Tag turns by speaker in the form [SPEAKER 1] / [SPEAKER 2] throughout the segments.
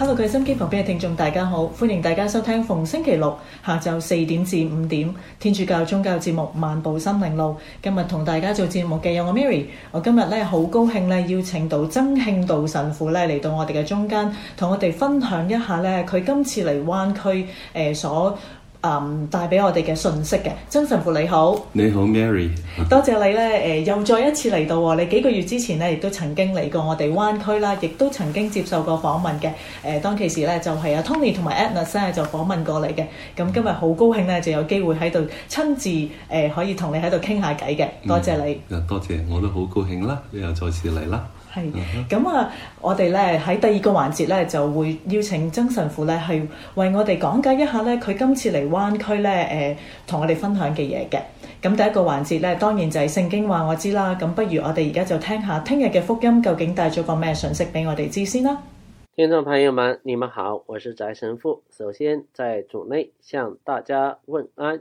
[SPEAKER 1] Hello，各位心機旁邊嘅聽眾，大家好，歡迎大家收聽逢星期六下午四點至五點天主教宗教節目《漫步心靈路》。今日同大家做節目嘅有我 Mary，我今日呢，好高興呢邀請到曾慶道神父呢嚟到我哋嘅中間，同我哋分享一下呢佢今次嚟灣區呃所。誒、um, 帶俾我哋嘅信息嘅，張神父你好，
[SPEAKER 2] 你好 Mary，
[SPEAKER 1] 多謝你呢誒、呃、又再一次嚟到喎、哦，你幾個月之前呢，亦都曾經嚟過我哋灣區啦，亦都曾經接受過訪問嘅，誒、呃、當其時呢，就係、是、阿、啊、Tony 同埋 Atanas 咧就訪問過你嘅，咁今日好高興呢，就有機會喺度親自誒、呃、可以同你喺度傾下偈嘅，多謝你、
[SPEAKER 2] 嗯，多謝，我都好高興啦，你又再次嚟啦。
[SPEAKER 1] 係咁啊！我哋咧喺第二個環節咧，就會邀請曾神父咧，係為我哋講解一下咧，佢今次嚟灣區咧，誒同我哋分享嘅嘢嘅。咁第一個環節咧，當然就係聖經話我知啦。咁不如我哋而家就聽下聽日嘅福音，究竟帶咗個咩信息俾我哋知先啦。
[SPEAKER 3] 聽眾朋友們，你們好，我是翟神父。首先在主內向大家問安。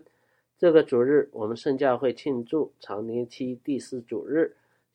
[SPEAKER 3] 這個主日，我們聖教會慶祝常年期第四主日。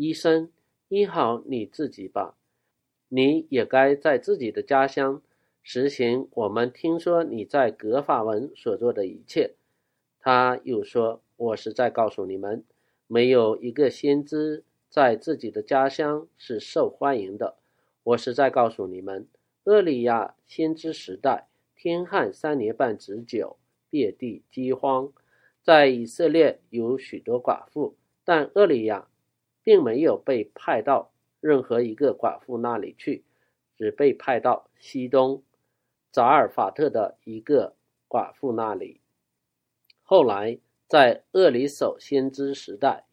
[SPEAKER 3] 醫生，醫好你自己吧。你也該在自己的家鄉實行我們聽說你在格法文所做的一切。他又說：‘我實在告訴你們，沒有一個先知在自己的家鄉是受歡迎的。我實在告訴你們，厄利亞先知時代，天旱三年半之久，遍地地饑荒，在以色列有許多寡婦，但厄利亞……並沒有被派到任何一個寡婦那裏去，只被派到西東扎爾法特的一個寡婦那裏。後來，在厄里叟先知時代，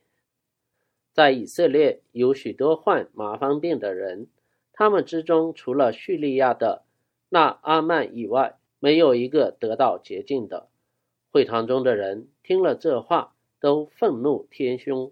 [SPEAKER 3] 在以色列有許多患麻風病的人，他們之中除了敘利亞的那阿曼以外，沒有一個得到潔淨的。會堂中的人聽了這話，都憤怒填胸。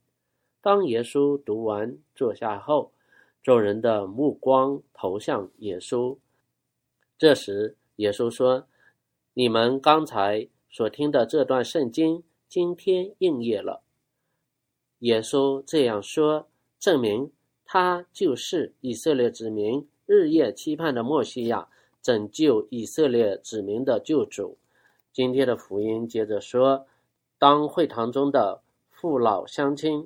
[SPEAKER 3] 當耶穌讀完坐下後，眾人的目光投向耶穌。這時，耶穌說：你們剛才所聽的這段聖經，今天應驗了。耶穌這樣說，證明他就是以色列子民日夜期盼的莫西亞，拯救以色列子民的救主。今天的福音接着說：當會堂中的父老鄉親。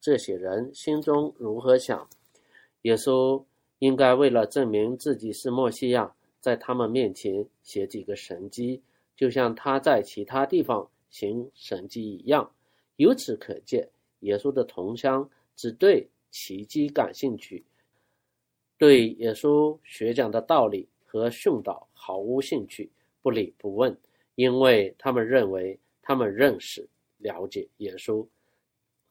[SPEAKER 3] 這些人心中如何想？耶穌應該為了證明自己是莫西亞，在他們面前寫幾個神蹟，就像他在其他地方行神蹟一樣。由此可見，耶穌的同鄉只對奇蹟感興趣，對耶穌學講的道理和訓導毫無興趣，不理不問，因為他們認為他們認識、了解耶穌。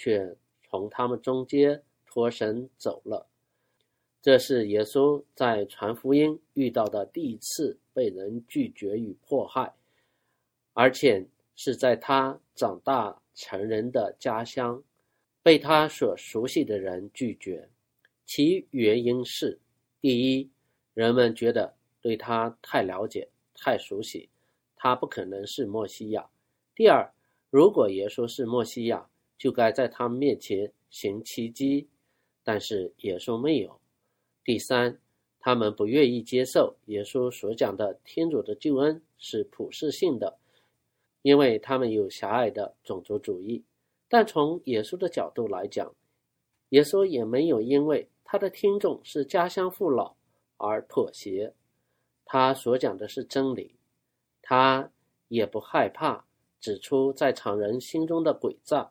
[SPEAKER 3] 卻從他們中間脫身走了。這是耶穌在傳福音遇到的第一次被人拒絕與迫害，而且是在他長大成人的家鄉，被他所熟悉的人拒絕。其原因是：第一，人們覺得對他太了解、太熟悉，他不可能是默西亞；第二，如果耶穌是默西亞，就該在他們面前行奇跡，但是耶穌沒有。第三，他們不願意接受耶穌所講的天主的救恩是普世性的，因為他們有狹隘的種族主義。但從耶穌的角度來講，耶穌也沒有因為他的聽眾是家鄉父老而妥協。他所講的是真理，他也不害怕指出在場人心中的詭詐。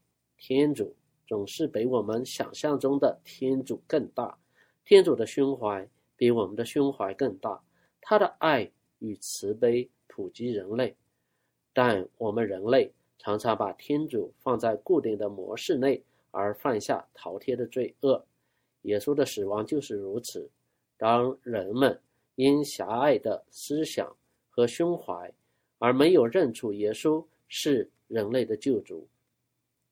[SPEAKER 3] 天主總是比我們想象中的天主更大，天主的胸懷比我們的胸懷更大，他的愛與慈悲普及人類，但我們人類常常把天主放在固定的模式內而犯下滔天的罪惡，耶穌的死亡就是如此，當人們因狹隘的思想和胸懷而沒有認出耶穌是人類的救主。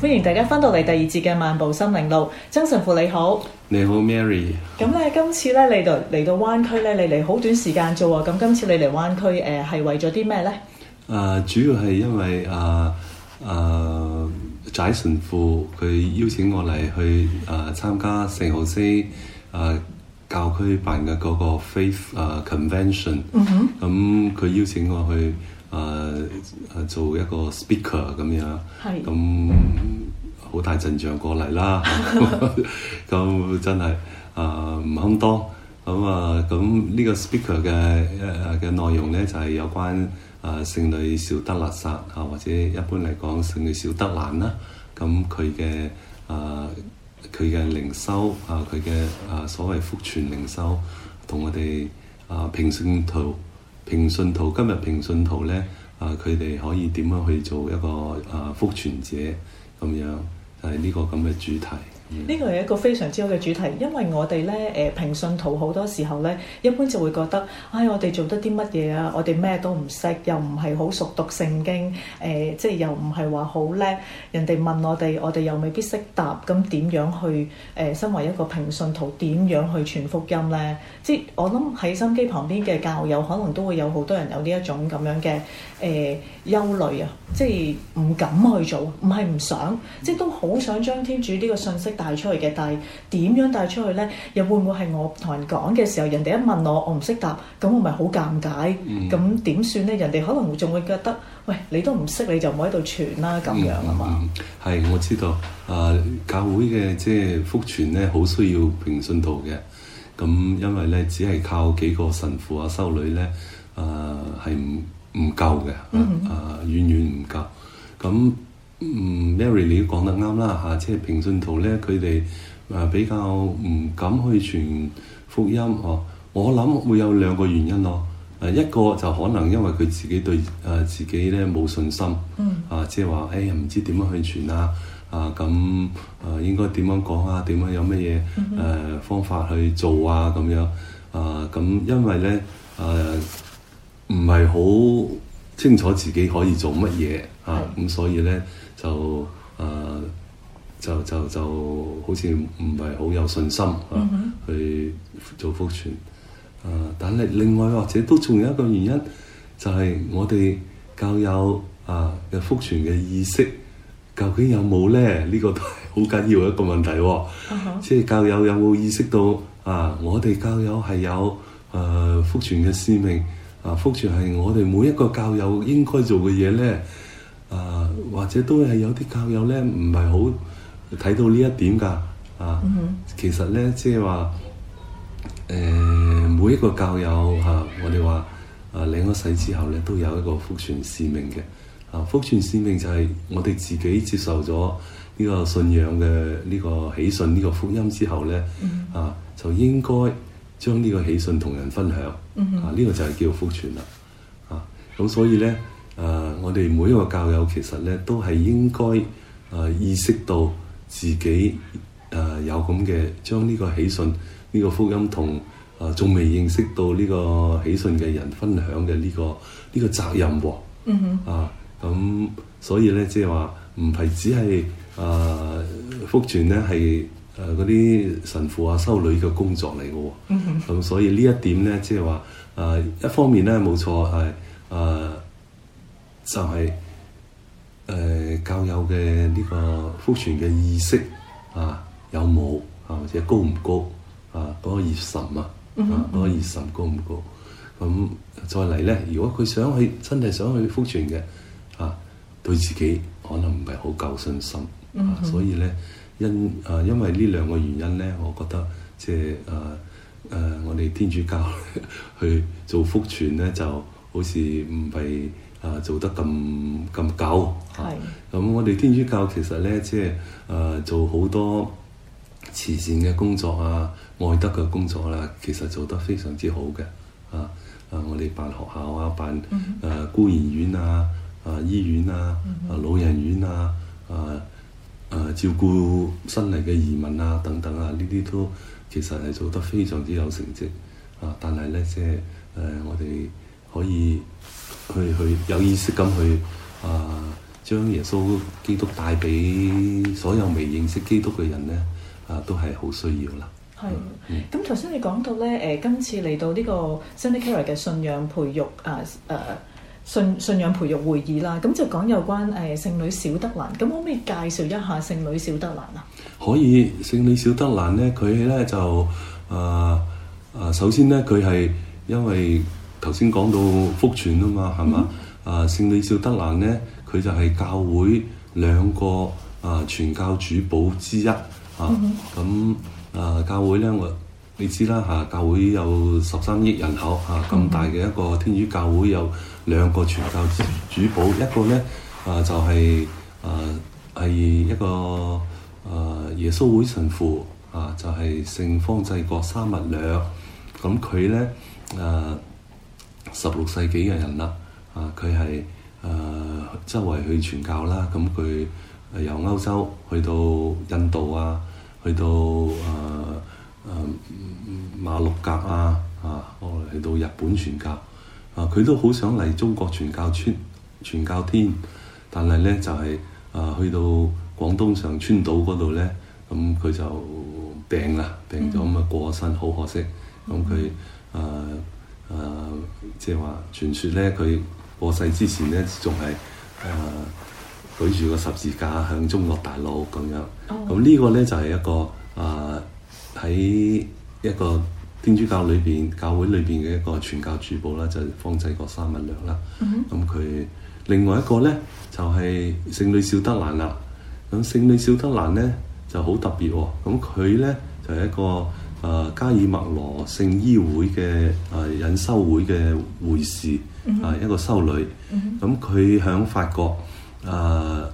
[SPEAKER 1] 歡迎大家翻到嚟第二節嘅漫步心靈路，曾神父，你好，
[SPEAKER 2] 你好 Mary。
[SPEAKER 1] 咁咧，今次咧，你到嚟到灣區咧，你嚟好短時間啫喎。咁今次你嚟灣區，誒、呃、係為咗啲咩咧？誒、
[SPEAKER 2] 呃，主要係因為啊，誒、呃，仔、呃、神父佢邀請我嚟去誒參、呃、加聖荷西誒教區辦嘅嗰個 faith 誒、uh, convention、mm。Hmm. 嗯哼。咁佢邀請我去。誒誒，uh, 做一個 speaker 咁樣，咁好大陣仗過嚟啦，咁 真係誒唔堪當。咁、uh, 啊，咁呢、uh, 個 speaker 嘅誒嘅、uh, 內容咧就係、是、有關誒聖、uh, 女小德肋撒啊，uh, 或者一般嚟講聖女小德蘭啦。咁佢嘅誒佢嘅靈修啊，佢嘅誒所謂復全靈修，同我哋誒、uh, 平信徒。平信徒今日平信徒咧，啊，佢哋可以點樣去做一個啊復存者咁樣就係呢個咁嘅主題。
[SPEAKER 1] 呢個係一個非常之好嘅主題，因為我哋呢誒平信徒好多時候呢，一般就會覺得，唉、哎，我哋做得啲乜嘢啊？我哋咩都唔識，又唔係好熟讀聖經，誒、呃，即係又唔係話好叻，人哋問我哋，我哋又未必識答，咁點樣去誒，身、呃、為一個平信徒，點樣去傳福音呢？即係我諗喺心機旁邊嘅教友，可能都會有好多人有呢一種咁樣嘅誒。呃憂慮啊，即係唔敢去做，唔係唔想，即係都好想將天主呢個信息帶出去嘅，但係點樣帶出去呢？又會唔會係我同人講嘅時候，人哋一問我，我唔識答，咁我咪好尷尬？咁點、嗯、算呢？人哋可能仲會覺得，喂，你都唔識，你就唔喺度傳啦，咁樣啊嘛？
[SPEAKER 2] 係、嗯嗯、吧我知道，誒、呃，教會嘅即係福傳呢，好需要平信徒嘅。咁因為呢，只係靠幾個神父啊、修女呢，誒係唔。唔夠嘅，啊，遠遠唔夠。咁嗯，Mary 你都講得啱啦，嚇，即係平信徒咧，佢哋啊比較唔敢去傳福音哦。啊、我諗會有兩個原因咯、啊。誒一個就可能因為佢自己對誒自己咧冇信心，啊，即係話誒唔知點樣去傳啊，啊咁啊應該點樣講啊，點樣有乜嘢誒方法去做啊咁、啊、樣啊咁，因為咧誒。唔係好清楚自己可以做乜嘢的啊，咁所以呢，就啊就就就好似唔係好有信心啊，mm hmm. 去做福傳啊。但係另外或者都仲有一個原因，就係、是、我哋教友啊嘅福傳嘅意識究竟有冇呢？呢、呢個都係好緊要一個問題，即、啊、係、mm hmm. 教友有冇意識到啊？我哋教友係有啊福傳嘅使命。啊！福傳係我哋每一個教友應該做嘅嘢呢，啊或者都係有啲教友呢，唔係好睇到呢一點㗎，啊、嗯、哼其實呢，即係話誒每一個教友嚇、啊，我哋話啊領咗洗之後呢，都有一個福傳使命嘅，啊福傳使命就係我哋自己接受咗呢個信仰嘅呢個喜訊呢個福音之後呢，嗯、哼啊就應該。將呢個喜訊同人分享，嗯、哼啊，呢、這個就係叫福傳啦，咁、啊、所以呢，誒、啊，我哋每一個教友其實呢都係應該誒、啊、意識到自己誒、啊、有咁嘅將呢個喜訊、呢、這個福音同仲、啊、未認識到呢個喜訊嘅人分享嘅呢、這個呢、這個責任喎，啊，咁、嗯哼啊、所以呢，即係話唔係只係誒福傳呢係。誒嗰啲神父啊、修女嘅工作嚟嘅，咁、mm hmm. 嗯、所以呢一點咧，即係話誒一方面咧冇錯係誒、呃、就係、是、誒、呃、教友嘅呢個福傳嘅意識啊有冇啊或者高唔高啊嗰、那個熱忱啊、mm hmm. 啊嗰、那個熱忱高唔高？咁、嗯、再嚟咧，如果佢想去真係想去福傳嘅啊，對自己可能唔係好夠信心，啊 mm hmm. 所以咧。因啊，因為呢兩個原因呢，我覺得即係啊啊，我哋天主教 去做福傳呢，就好似唔係啊做得咁咁久。係。咁我哋天主教其實呢，即係啊做好多慈善嘅工作啊，愛德嘅工作啦、啊，其實做得非常之好嘅。啊啊，我哋辦學校啊辦、嗯哼，辦啊、呃、孤兒院啊，啊醫院啊、嗯哼，啊老人院啊，啊。誒、呃、照顧新嚟嘅移民啊，等等啊，呢啲都其實係做得非常之有成績啊！但係咧，即係誒我哋可以去去有意識咁去啊，將耶穌基督帶俾所有未認識基督嘅人咧啊，都係好需要啦。
[SPEAKER 1] 係、啊，咁頭先你講到咧誒、呃，今次嚟到呢個 Sunday Care 嘅信仰培育啊啊！啊信信仰培育會議啦，咁就講有關誒、呃、聖女小德蘭。咁可唔可以介紹一下聖女小德蘭啊？
[SPEAKER 2] 可以，聖女小德蘭咧，佢咧就啊啊、呃，首先咧佢係因為頭先講到福傳啊嘛，係嘛、嗯、哼啊？聖女小德蘭咧，佢就係教會兩個啊傳、呃、教主保之一啊。咁、嗯、哼啊，教會咧我。你知啦嚇、啊，教會有十三億人口嚇，咁、啊、大嘅一個天主教會有兩個傳教主保，一個呢啊就係、是、啊係一個啊耶穌會神父啊，就係、是、聖方濟各沙勿略。咁、啊、佢呢，啊十六世紀嘅人啦啊，佢係啊周圍去傳教啦，咁、啊、佢、嗯、由歐洲去到印度啊，去到啊。誒馬六甲啊，嚇、啊，我嚟到日本傳教，啊，佢都好想嚟中國傳教村，傳傳教天，但係呢就係、是、誒、啊、去到廣東上川島嗰度呢，咁、嗯、佢就病啦，病咗咁啊過身好可惜。咁佢誒誒即係話傳説呢，佢過世之前呢，仲係誒舉住個十字架向中國大陸咁樣。
[SPEAKER 4] 咁、
[SPEAKER 2] 嗯、呢、哦、個呢，就係、是、一個誒。啊喺一個天主教裏邊教會裏邊嘅一個傳教主保啦，就方濟各沙勿略啦。咁佢、mm hmm. 嗯、另外一個呢，就係聖女小德蘭啦、啊。咁聖女小德蘭呢，就好特別喎、哦。咁、嗯、佢呢，就係、是、一個誒、呃、加爾默羅聖衣會嘅誒隱修會嘅會士，mm hmm. 啊一個修女。咁佢喺法國誒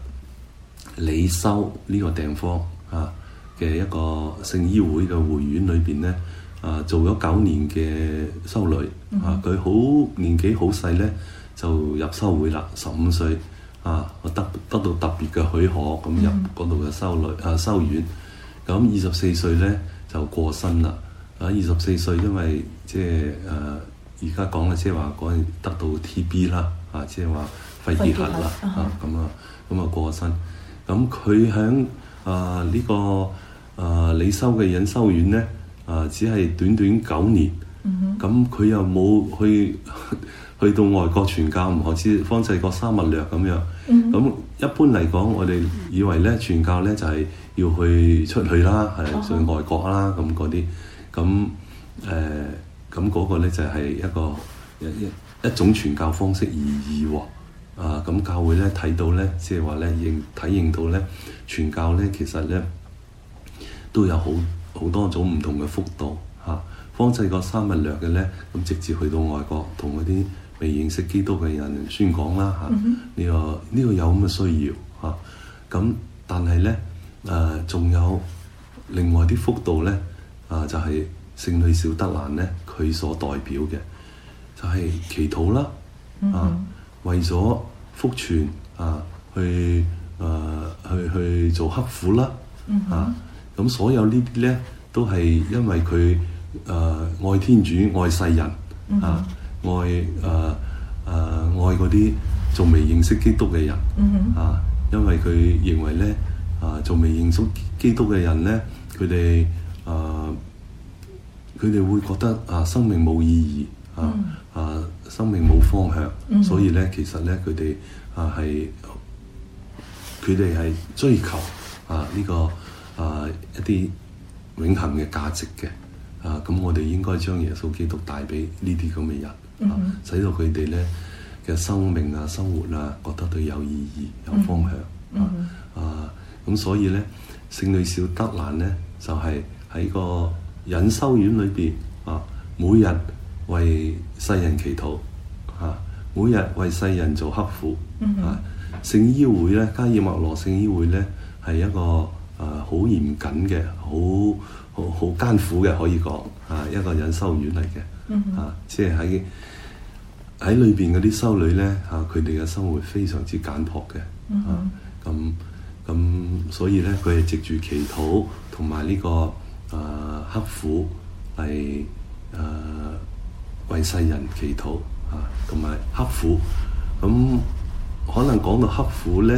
[SPEAKER 2] 里、呃、修呢個地方啊。嘅一個聖衣會嘅會員裏邊呢，啊、呃、做咗九年嘅修女，啊佢好年紀好細呢，就入修會啦，十五歲啊得得到特別嘅許可咁入嗰度嘅修女啊修院，咁二十四歲呢，就過身啦。啊二十四歲因為即係誒而家講嘅，即係話講得到 TB 啦，啊即係話肺結核啦，核啊咁啊咁啊過身。咁佢喺啊呢、啊這個。誒你、呃、修嘅隱修院呢，誒、呃、只係短短九年，咁佢、mm hmm. 嗯、又冇去去到外國傳教，唔可知方世各三物略方濟各沙勿略咁樣。咁、mm hmm. 嗯、一般嚟講，我哋以為呢傳教呢就係、是、要去出去啦，係去外國啦咁嗰啲。咁誒咁嗰個呢就係、是、一個一一種傳教方式而已喎。啊咁、嗯、教會呢睇到呢，即係話呢，認體認到呢傳教呢，其實呢。都有好好多種唔同嘅幅度嚇、啊，方濟各沙勿略嘅呢，咁直接去到外國同嗰啲未認識基督嘅人宣講啦嚇。呢、啊嗯哼這個呢、這個有咁嘅需要嚇。咁、啊、但係呢，誒、呃，仲有另外啲幅度呢，啊，就係、是、聖女小德蘭呢，佢所代表嘅就係、是、祈禱啦啊，嗯、哼為咗福傳啊，去誒、呃、去去做刻苦啦啊。
[SPEAKER 5] 嗯哼啊
[SPEAKER 2] 咁所有呢啲呢，都係因為佢誒、呃、愛天主愛世人啊、mm hmm. 啊，愛誒誒、呃、愛嗰啲仲未認識基督嘅人啊、mm hmm. 啊，因為佢認為呢，誒仲未認識基督嘅人呢，佢哋誒佢哋會覺得啊生命冇意義、mm hmm. 啊啊生命冇方向，mm hmm. 所以呢，其實呢，佢哋啊係佢哋係追求啊呢個。啊！一啲永恆嘅價值嘅啊，咁我哋應該將耶穌基督帶俾呢啲咁嘅人啊，mm hmm. 使到佢哋咧嘅生命啊、生活啊，覺得對有意義、有方向啊。咁、mm hmm. 啊、所以咧，聖女小德蘭咧就係、是、喺個隱修院裏邊啊，每日為世人祈禱啊，每日為世人做克苦、
[SPEAKER 5] mm hmm. 啊。
[SPEAKER 2] 聖衣會咧，加爾默羅聖衣會咧，係一個。呃、啊，好嚴謹嘅，好好好艱苦嘅可以講，啊一個隱修院嚟嘅，mm hmm. 啊即係喺喺裏邊嗰啲修女呢，嚇佢哋嘅生活非常之簡朴嘅，咁咁、mm hmm. 啊、所以呢，佢係藉住祈禱同埋呢個啊刻苦嚟啊為世人祈禱啊，同埋刻苦咁可能講到刻苦呢。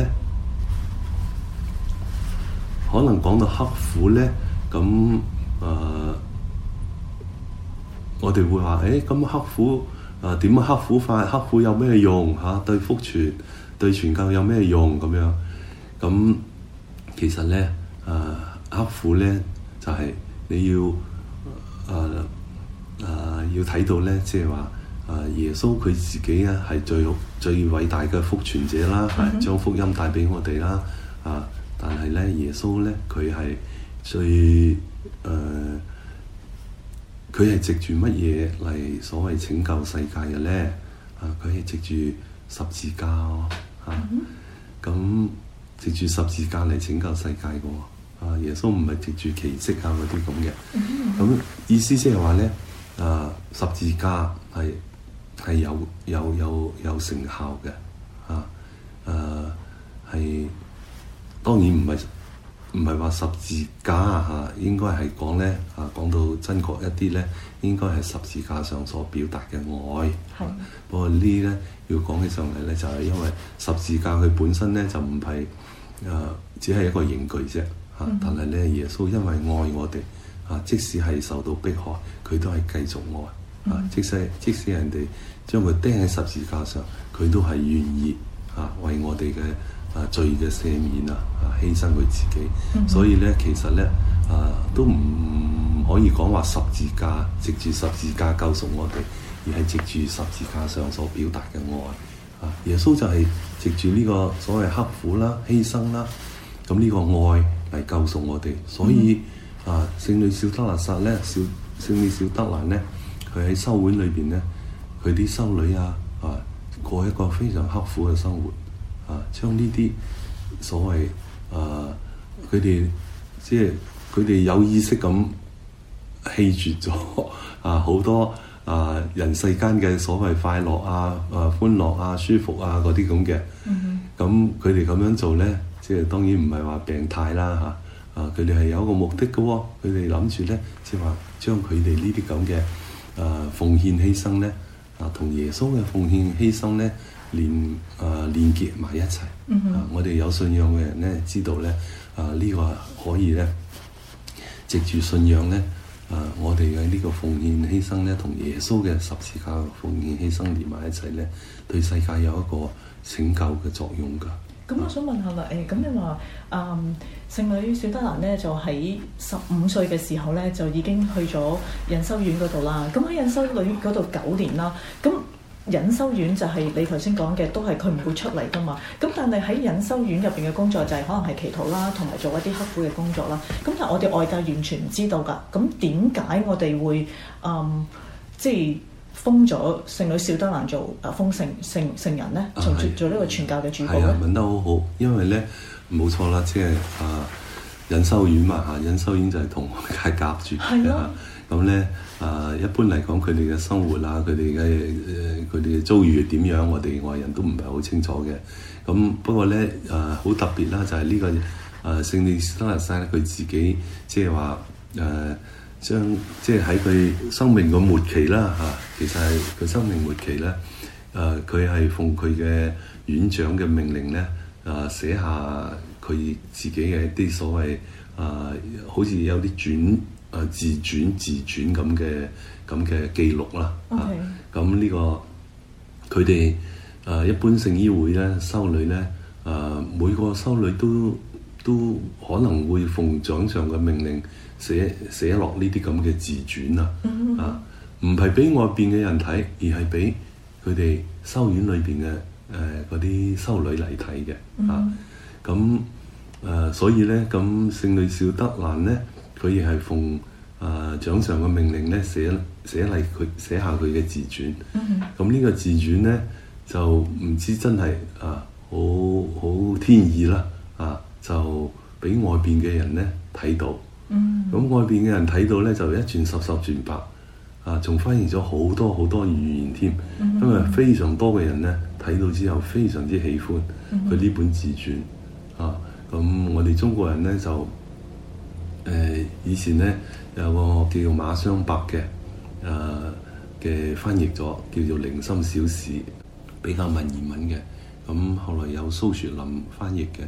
[SPEAKER 2] 可能講到刻苦呢，咁誒、呃，我哋會話誒，咁刻苦誒點樣刻苦、呃、法？刻苦有咩用？嚇、啊，對福傳、對傳教有咩用咁樣？咁其實呢，誒刻苦呢，就係、是、你要誒誒、呃呃呃、要睇到呢，即係話誒耶穌佢自己啊係最最偉大嘅福傳者啦，係將、mm hmm. 福音帶俾我哋啦，啊！但係咧，耶穌咧佢係最誒，佢、呃、係藉住乜嘢嚟所謂拯救世界嘅咧？啊，佢係藉住十字架、哦、啊！咁、嗯嗯、藉住十字架嚟拯救世界嘅喎、哦。啊，耶穌唔係藉住奇跡啊嗰啲咁嘅。咁、嗯嗯、意思即係話咧，啊十字架係係有有有有、有成效嘅啊誒係。啊當然唔係唔係話十字架啊，應該係講呢啊，講到真確一啲呢應該係十字架上所表達嘅愛
[SPEAKER 4] 的、啊。
[SPEAKER 2] 不過呢呢要講起上嚟呢，就係、是、因為十字架佢本身呢，就唔係誒，只係一個刑具啫。嚇、啊！嗯、但係呢，耶穌因為愛我哋，嚇、啊、即使係受到迫害，佢都係繼續愛。啊、嗯、啊。即使即使人哋將佢釘喺十字架上，佢都係願意嚇為我哋嘅。啊罪嘅赦免啊！啊犧牲佢自己， 所以咧，其實咧，啊都唔可以講話十字架，藉住十字架救贖我哋，而係藉住十字架上所表達嘅愛。啊，耶穌就係藉住呢個所謂刻苦啦、犧牲啦，咁、這、呢個愛嚟救贖我哋。所以 啊，聖女小德勒薩咧，小聖女小德蘭咧，佢喺修會裏邊咧，佢啲修女啊，啊過一個非常刻苦嘅生活。啊！將呢啲所謂啊，佢哋即係佢哋有意識咁棄絕咗啊，好多啊人世間嘅所謂快樂啊、啊歡樂啊、舒服啊嗰啲咁嘅。咁佢哋咁樣做咧，即係當然唔係話病態啦嚇啊！佢哋係有一個目的嘅哦，佢哋諗住咧，即係話將佢哋呢啲咁嘅啊奉獻犧牲咧啊，同耶穌嘅奉獻犧牲咧，連誒、啊、連結埋一齊，啊，我哋有信仰嘅人咧，知道咧誒呢、啊這個可以咧，藉住信仰咧誒、啊，我哋嘅呢個奉獻犧牲咧，同耶穌嘅十字架奉獻犧牲連埋一齊咧，對世界有一個拯救嘅作用㗎。咁、
[SPEAKER 1] 嗯、我想問下啦，誒、哎、咁你話誒、嗯、聖女小德蘭咧，就喺十五歲嘅時候咧，就已經去咗隱修院嗰度啦。咁喺隱修院嗰度九年啦，咁。隱修院就係你頭先講嘅，都係佢唔會出嚟噶嘛。咁但係喺隱修院入邊嘅工作就係可能係祈禱啦，同埋做一啲刻苦嘅工作啦。咁但係我哋外界完全唔知道噶。咁點解我哋會嗯，即係封咗聖女小德蘭做封啊，封聖聖聖人咧？做做呢個傳教嘅主保。係啊，
[SPEAKER 2] 問得好好，因為咧冇錯啦，即係、就是、啊隱修院嘛，隱修院就係同外界隔住。係啊。看看咁咧，啊，一般嚟講，佢哋嘅生活啊，佢哋嘅佢哋嘅遭遇係點樣，我哋外人都唔係好清楚嘅。咁不過咧，啊，好特別啦，就係呢個啊，聖尼生日晒咧，佢自己即係話，誒，將即係喺佢生命嘅末期啦嚇，其實係佢生命末期咧，誒，佢係奉佢嘅院長嘅命令咧，誒，寫下佢自己嘅一啲所謂誒，好似有啲轉。Okay. 啊！自傳自傳咁嘅咁嘅記錄啦，咁呢個佢哋啊，一般聖衣會呢修女呢，啊、呃，每個修女都都可能會奉長上嘅命令寫寫落呢啲咁嘅自傳啊，啊，唔係俾外邊嘅人睇，而係俾佢哋修院裏邊嘅誒嗰啲修女嚟睇嘅，啊，咁、mm hmm. 啊，啊，所以呢，咁聖女小德蘭呢。呢佢亦係奉誒掌、呃、上嘅命令咧寫寫嚟佢寫下佢嘅自傳。咁呢、mm hmm. 個自傳呢，就唔知真係啊好好天意啦啊！就俾外邊嘅人呢睇到。
[SPEAKER 5] 咁、
[SPEAKER 4] mm
[SPEAKER 2] hmm. 外邊嘅人睇到呢，就一傳十十傳百啊，仲翻譯咗好多好多語言添。Mm hmm. 因為非常多嘅人呢，睇到之後非常之喜歡佢呢本自傳啊。咁我哋中國人呢，就～誒以前呢，有個叫做馬相伯嘅，誒、呃、嘅翻譯咗叫做《靈心小事》，比較文言文嘅。咁、嗯、後來有蘇雪林翻譯嘅，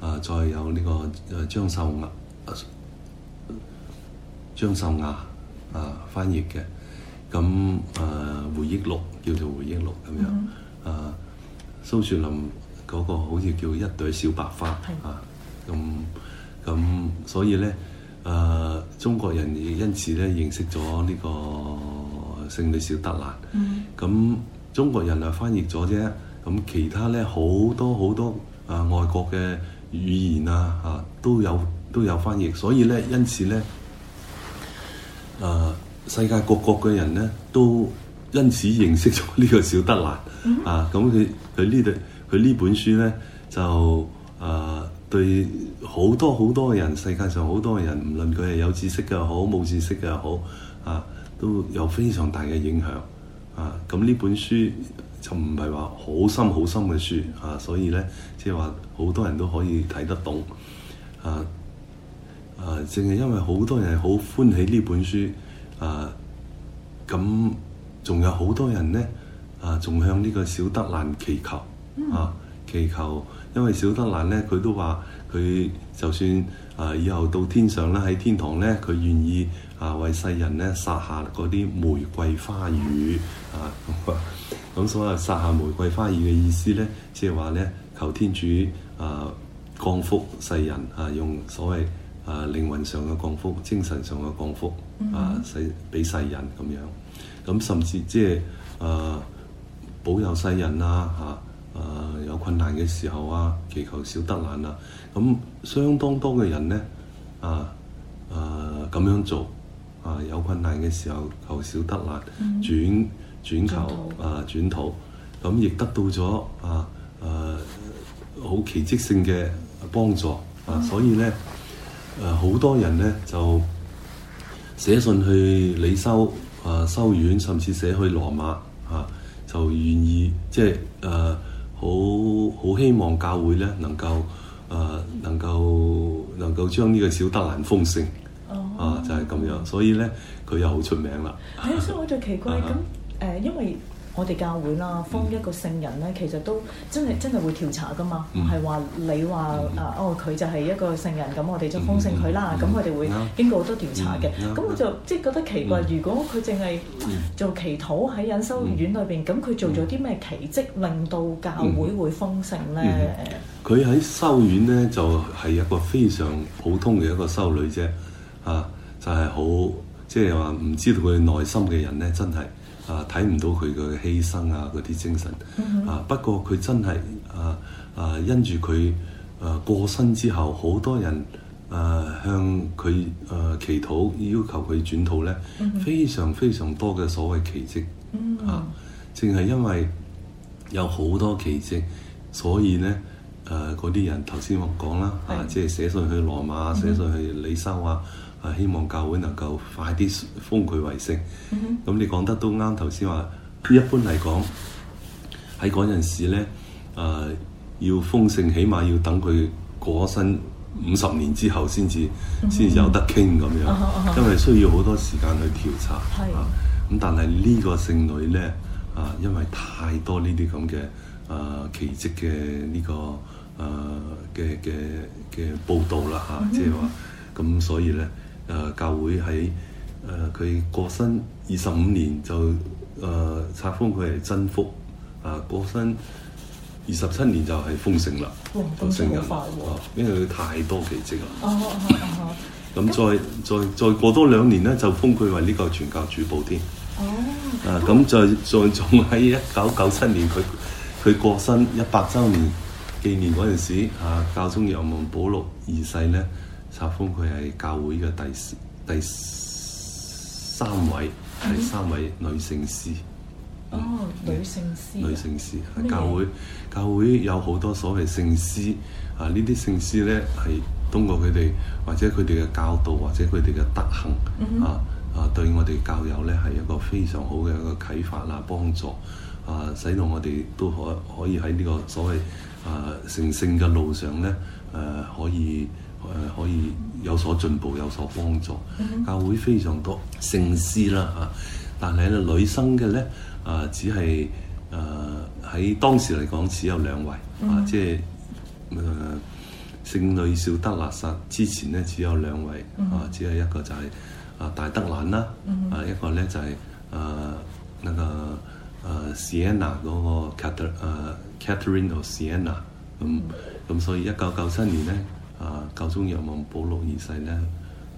[SPEAKER 2] 啊、呃、再有呢個張秀亞、張秀亞啊翻譯嘅。咁、嗯、誒、呃《回憶錄》叫做《回憶錄》咁樣。Mm hmm. 啊，蘇雪林嗰個好似叫一朵小白花、mm hmm. 啊。咁、嗯、咁、嗯嗯嗯，所以呢。誒、呃、中國人亦因此咧認識咗呢個聖女小德蘭。咁、嗯嗯、中國人嚟翻譯咗啫。咁其他咧好多好多啊、呃、外國嘅語言啊嚇都有都有翻譯。所以咧因此咧誒、呃、世界各國嘅人咧都因此認識咗呢個小德蘭。嗯、啊咁佢佢呢度佢呢本書咧就誒。呃對好多好多人，世界上好多人，唔論佢係有知識嘅又好，冇知識嘅又好，啊，都有非常大嘅影響。啊，咁呢本書就唔係話好深好深嘅書，啊，所以呢，即係話好多人都可以睇得懂。啊啊，正係因為好多人好歡喜呢本書啊，咁仲有好多人呢，啊，仲向呢個小德蘭祈求啊，祈求。因為小德蘭呢，佢都話佢就算啊、呃，以後到天上啦，喺天堂呢，佢願意啊、呃、為世人呢撒下嗰啲玫瑰花雨啊，咁、啊、所謂撒下玫瑰花雨嘅意思呢，即係話呢，求天主啊、呃、降福世人啊，用所謂啊、呃、靈魂上嘅降福、精神上嘅降福啊，使畀世人咁樣，咁、啊、甚至即係、呃、保佑世人啦。嚇、啊。啊困難嘅時候啊，祈求小德蘭啊，咁相當多嘅人呢，啊啊咁樣做啊，有困難嘅時候求小德蘭轉轉求、嗯、啊轉土，咁、啊、亦得到咗啊啊好奇蹟性嘅幫助啊，嗯、所以呢，誒、啊、好多人呢，就寫信去理修啊修院，甚至寫去羅馬啊，就願意即係誒。啊好好希望教會咧能夠誒、呃、能夠能夠將呢個小德蘭封聖、oh. 啊，就係、是、咁樣，所以咧佢又好出名啦。係啊、嗯，
[SPEAKER 1] 所以我最奇怪咁誒、 呃，因為。我哋教會啦，封一個聖人咧，其實都真係真係會調查㗎嘛，唔係話你話啊哦，佢就係一個聖人咁，我哋就封聖佢啦。咁我哋會經過好多調查嘅。咁我就即係覺得奇怪，如果佢淨係做祈禱喺隱修院裏邊，咁佢做咗啲咩奇蹟，令到教會會封聖咧？
[SPEAKER 2] 佢喺修院咧就係一個非常普通嘅一個修女啫，啊就係好即係話唔知道佢內心嘅人咧，真係。啊！睇唔到佢嘅犧牲啊，嗰啲精神、mm hmm. 啊！不過佢真係啊啊，因住佢啊過身之後，好多人啊向佢啊、呃、祈禱，要求佢轉禱呢。Mm hmm. 非常非常多嘅所謂奇蹟啊！正係、mm hmm. 因為有好多奇蹟，所以呢，誒嗰啲人頭先我講啦，mm hmm. 啊，即係寫信去羅馬，寫信去里修啊。啊！希望教會能夠快啲封佢為聖。咁、mm hmm. 嗯、你講得都啱，頭先話一般嚟講喺嗰陣時呢，要封聖，起碼要等佢過身五十年之後先至先至有得傾咁樣，mm hmm. 因為需要好多時間去調查。係啊、mm，咁、hmm. 嗯、但係呢個聖女呢，啊、呃，因為太多呢啲咁嘅啊奇蹟嘅呢個啊嘅嘅嘅報道啦吓，即係話咁所以呢。誒教會喺誒佢過身二十五年就誒冊、呃、封佢係真福，啊過身二十七年就係封聖啦，
[SPEAKER 5] 封聖人，
[SPEAKER 2] 因為佢太多奇蹟啦。咁再再再過多兩年呢，就封佢為呢個傳教主保添。哦，啊咁再再仲喺一九九七年佢佢過身一百週年紀念嗰陣時，啊教宗若望保祿二世呢。拆封佢係教會嘅第第三位、嗯、第三位女性師。
[SPEAKER 1] 哦嗯、女性
[SPEAKER 2] 師，女性師，教會教會有好多所謂聖師啊！性呢啲聖師呢係通過佢哋或者佢哋嘅教導或者佢哋嘅德行啊、嗯、哼啊，對我哋教友呢係一個非常好嘅一個啟發啦、幫、啊、助啊，使到我哋都可可以喺呢個所謂啊成聖嘅路上呢誒、啊、可以。誒可以有所進步，有所幫助。Mm hmm. 教會非常多聖師啦嚇，但係咧女生嘅咧，啊、呃、只係誒喺當時嚟講只有兩位，mm hmm. 啊，即係誒聖女小德肋撒之前咧只有兩位，mm hmm. 啊，只係一個就係，是，啊、呃、大德蘭啦，啊、mm hmm. 一個咧就係，是，啊、呃、那個啊、呃、Siena 嗰個 Catherine 啊 Catherine 和 Siena 咁
[SPEAKER 4] 咁。mm
[SPEAKER 2] hmm. 所以一九九七年咧。啊！教宗若望保祿二世咧，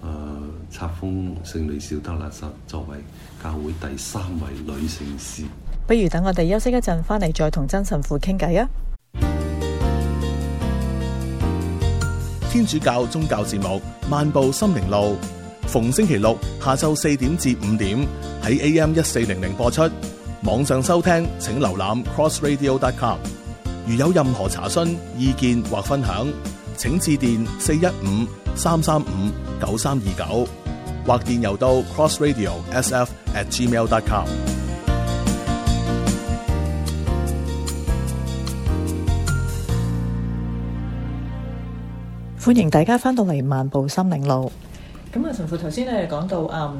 [SPEAKER 2] 誒、啊、冊封聖女小德蘭作為教會第三
[SPEAKER 6] 位女聖師。
[SPEAKER 1] 不如等我哋休息一陣，翻嚟再同曾神父傾偈
[SPEAKER 6] 啊！天主教宗教節目《漫步心靈路》，逢星期六下晝四點至五點喺 AM 一四零零播出，網上收聽請瀏覽 crossradio.com。如有任何查詢、意見或分享，請致電四一五三三五九三二九，29，或電郵到 crossradio.sf@gmail.com。
[SPEAKER 1] 歡迎大家翻到嚟漫步心靈路。咁啊，神父頭先咧講到嗯。Um,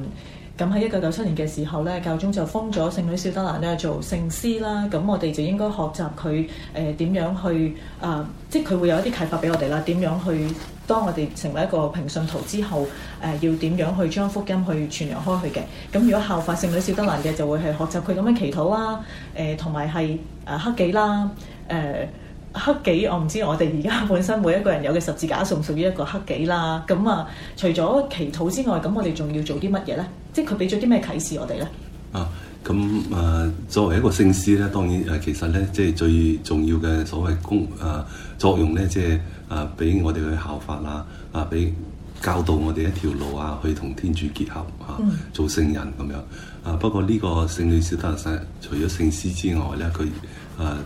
[SPEAKER 1] 咁喺一九九七年嘅時候咧，教宗就封咗聖女小德蘭咧做聖師啦。咁我哋就應該學習佢誒點樣去啊、呃，即係佢會有一啲啟發俾我哋啦。點樣去當我哋成為一個平信徒之後，誒、呃、要點樣去將福音去傳揚開去嘅？咁如果效法聖女小德蘭嘅，就會係學習佢咁樣祈禱啦，誒同埋係啊黑記啦，誒、呃。黑幾？我唔知我哋而家本身每一個人有嘅十字架，屬唔屬於一個黑幾啦？咁啊，除咗祈禱之外，咁我哋仲要做啲乜嘢咧？即係佢俾咗啲咩啟示我哋咧？
[SPEAKER 2] 啊，咁、嗯、啊，作為一個聖師咧，當然誒，其實咧，即係最重要嘅所謂功誒、啊、作用咧，即係誒俾我哋去效法啦，啊，俾教導我哋一條路啊，去同天主結合嚇、啊，做聖人咁樣啊。不過呢個聖女小德蘭，除咗聖師之外咧，佢誒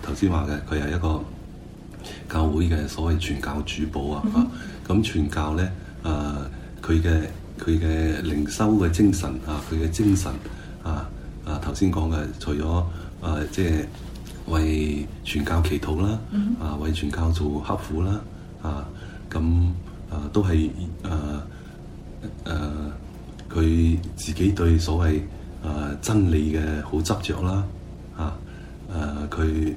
[SPEAKER 2] 頭先話嘅，佢、啊、係一個。教會嘅所謂傳教主保、mm hmm. 啊，咁傳教咧，誒、呃，佢嘅佢嘅靈修嘅精神啊，佢嘅精神啊，啊，頭先講嘅，除咗誒，即、啊、係、就是、為傳教祈禱啦，mm hmm. 啊，為傳教做刻苦啦，啊，咁啊，都係誒誒，佢、啊啊、自己對所謂誒、啊、真理嘅好執着啦，啊，誒、啊，佢。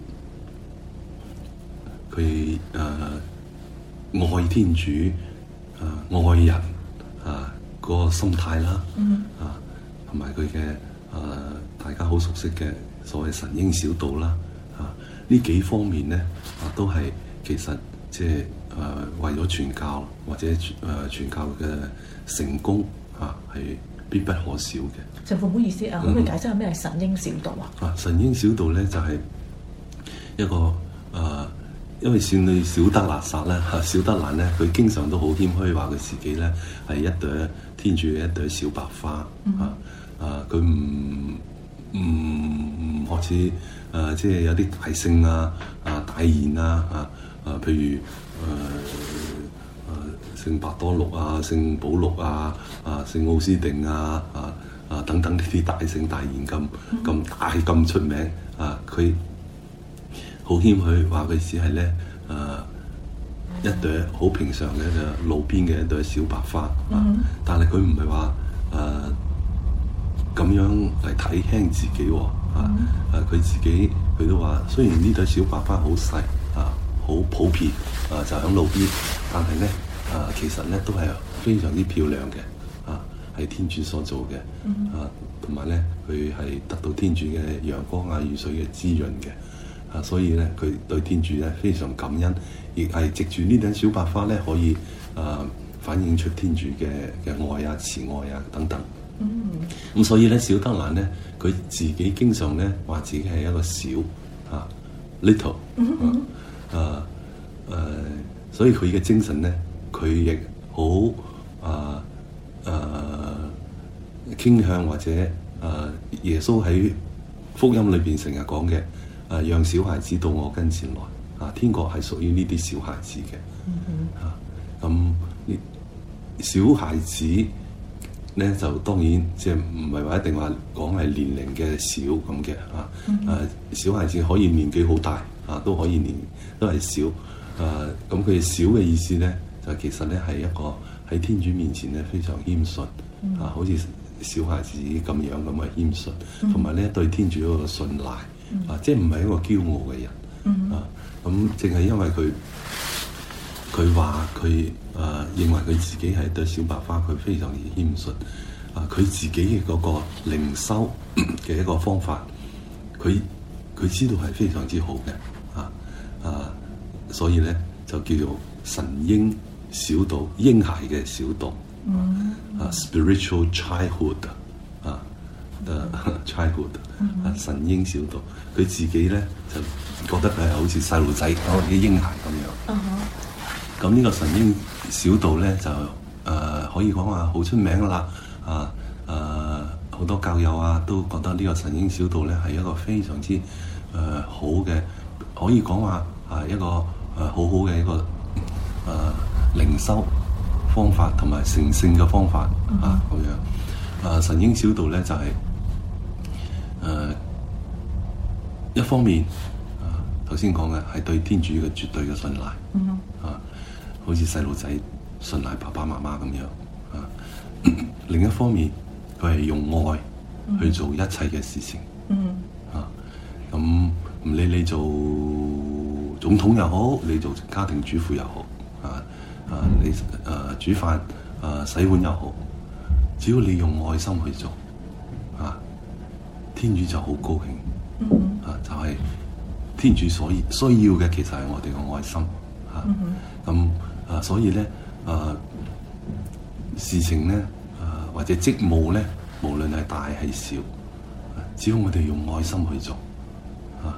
[SPEAKER 2] 佢誒、呃、愛天主誒、呃、愛人啊嗰個心態啦，啊，同埋佢嘅誒大家好熟悉嘅所謂神嬰小道啦，啊、呃、呢幾方面咧啊、呃、都係其實即係誒為咗傳教或者誒傳、呃、教嘅成功吓係、呃、必不可少嘅。
[SPEAKER 1] 神父唔好意思啊，可唔可以解釋
[SPEAKER 2] 下咩係神嬰小道啊？啊、嗯呃、神嬰小道咧就係、是、一個誒。呃因為算佢小德垃圾咧嚇，小德蘭咧，佢經常都好謙虛話佢自己咧係一朵天主嘅一朵小白花
[SPEAKER 4] 嚇、嗯、
[SPEAKER 2] 啊！佢唔唔唔學似誒即係有啲大聖啊啊大賢啊啊啊，譬如誒誒聖伯多祿啊、聖保祿啊、啊聖、啊啊呃啊啊啊啊、奧斯定啊啊啊等等呢啲大聖大賢咁咁大咁出名啊佢。好謙虛佢話：佢只係咧，誒、呃、一朵好平常嘅路邊嘅一朵小白花。啊 mm hmm. 但係佢唔係話誒咁樣嚟睇輕自己喎。誒、啊、佢、mm hmm. 自己佢都話：雖然呢朵小白花好細啊，好普遍啊，就喺路邊，但係咧啊，其實咧都係非常之漂亮嘅。啊，係天主所做嘅。Mm hmm. 啊，同埋咧佢係得到天主嘅陽光啊、雨水嘅滋潤嘅。啊，所以咧，佢對天主咧非常感恩，亦係藉住呢朵小白花咧，可以啊、呃、反映出天主嘅嘅愛啊、慈愛啊等等。咁、
[SPEAKER 5] mm
[SPEAKER 2] hmm. 所以咧，小德蘭咧，佢自己經常咧話自己係一個小啊，little、mm hmm. 啊啊、呃，所以佢嘅精神咧，佢亦好啊啊傾向或者啊耶穌喺福音裏邊成日講嘅。啊！讓小孩子到我跟前來，啊！天國係屬於呢啲小孩子嘅，咁呢、mm hmm. 嗯？小孩子呢，就當然即係唔係話一定話講係年齡嘅小咁嘅，嚇、mm hmm. 啊！小孩子可以年紀好大，啊都可以年都係小，啊咁佢小嘅意思呢，就其實呢係一個喺天主面前呢非常謙遜，mm hmm. 啊好似小孩子咁樣咁嘅謙遜，同埋、mm hmm. 呢對天主嗰個信賴。啊，即係唔係一個驕傲嘅人啊！咁正係因為佢，佢話佢誒認為佢自己係對小白花佢非常之謙遜啊！佢自己嘅個靈修嘅一個方法，佢佢知道係非常之好嘅啊啊！所以咧就叫做神嬰小道，嬰孩嘅小道、mm
[SPEAKER 4] hmm.
[SPEAKER 2] 啊，spiritual childhood。誒《Child》啊《神嬰小道》，佢自己咧就覺得佢係好似細路仔，嗰啲嬰孩咁樣。咁呢個神嬰小道咧就誒可以講話好出名啦！啊誒好多教友啊都覺得呢個神嬰小道咧係一個非常之誒、呃、好嘅，可以講話係一個誒、呃、好好嘅一個誒、呃、靈修方法同埋成聖嘅方法、uh huh. 啊咁、就係、樣。誒、呃、神嬰小道咧就係、係。誒，uh, 一方面，啊，頭先講嘅係對天主嘅絕對嘅信賴、mm hmm. 啊，啊，好似細路仔信賴爸爸媽媽咁樣，啊， 另一方面，佢係用愛去做一切嘅事情，mm hmm. 啊，咁唔理你做總統又好，你做家庭主婦又好，啊啊，mm hmm. 你啊、呃、煮飯啊、呃、洗碗又好，只要你用愛心去做。天主就好高興，mm hmm. 啊，就係、是、天主所需要嘅，其實係我哋個愛心，
[SPEAKER 4] 啊，
[SPEAKER 2] 咁、mm hmm. 啊，所以咧啊，事情咧啊，或者職務咧，無論係大係小，只要我哋用愛心去做，啊，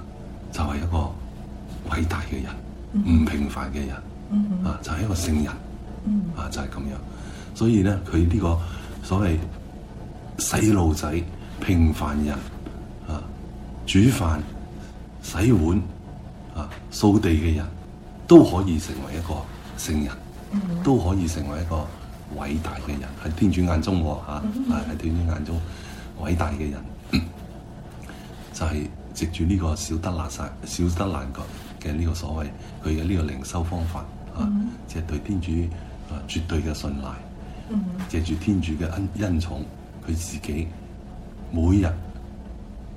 [SPEAKER 2] 就係、是、一個偉大嘅人，
[SPEAKER 5] 唔、mm hmm. 平凡嘅人，mm hmm.
[SPEAKER 2] 啊，就係、是、一個聖人，mm hmm. 啊，就係、是、咁樣，所以咧，佢呢個所謂細路仔。平凡人啊，煮飯、洗碗啊、掃地嘅人都可以成為一個聖人，都可以成為一個偉、mm hmm. 大嘅人喺天主眼中、啊，吓、啊、喺天主眼中偉大嘅人，嗯、就係、是、藉住呢個小德肋撒、小德蘭嘅呢個所謂佢嘅呢個靈修方法啊，即係、mm hmm. 對天主啊絕對嘅信賴，mm
[SPEAKER 5] hmm.
[SPEAKER 2] 藉住天主嘅恩恩寵，佢自己。每日，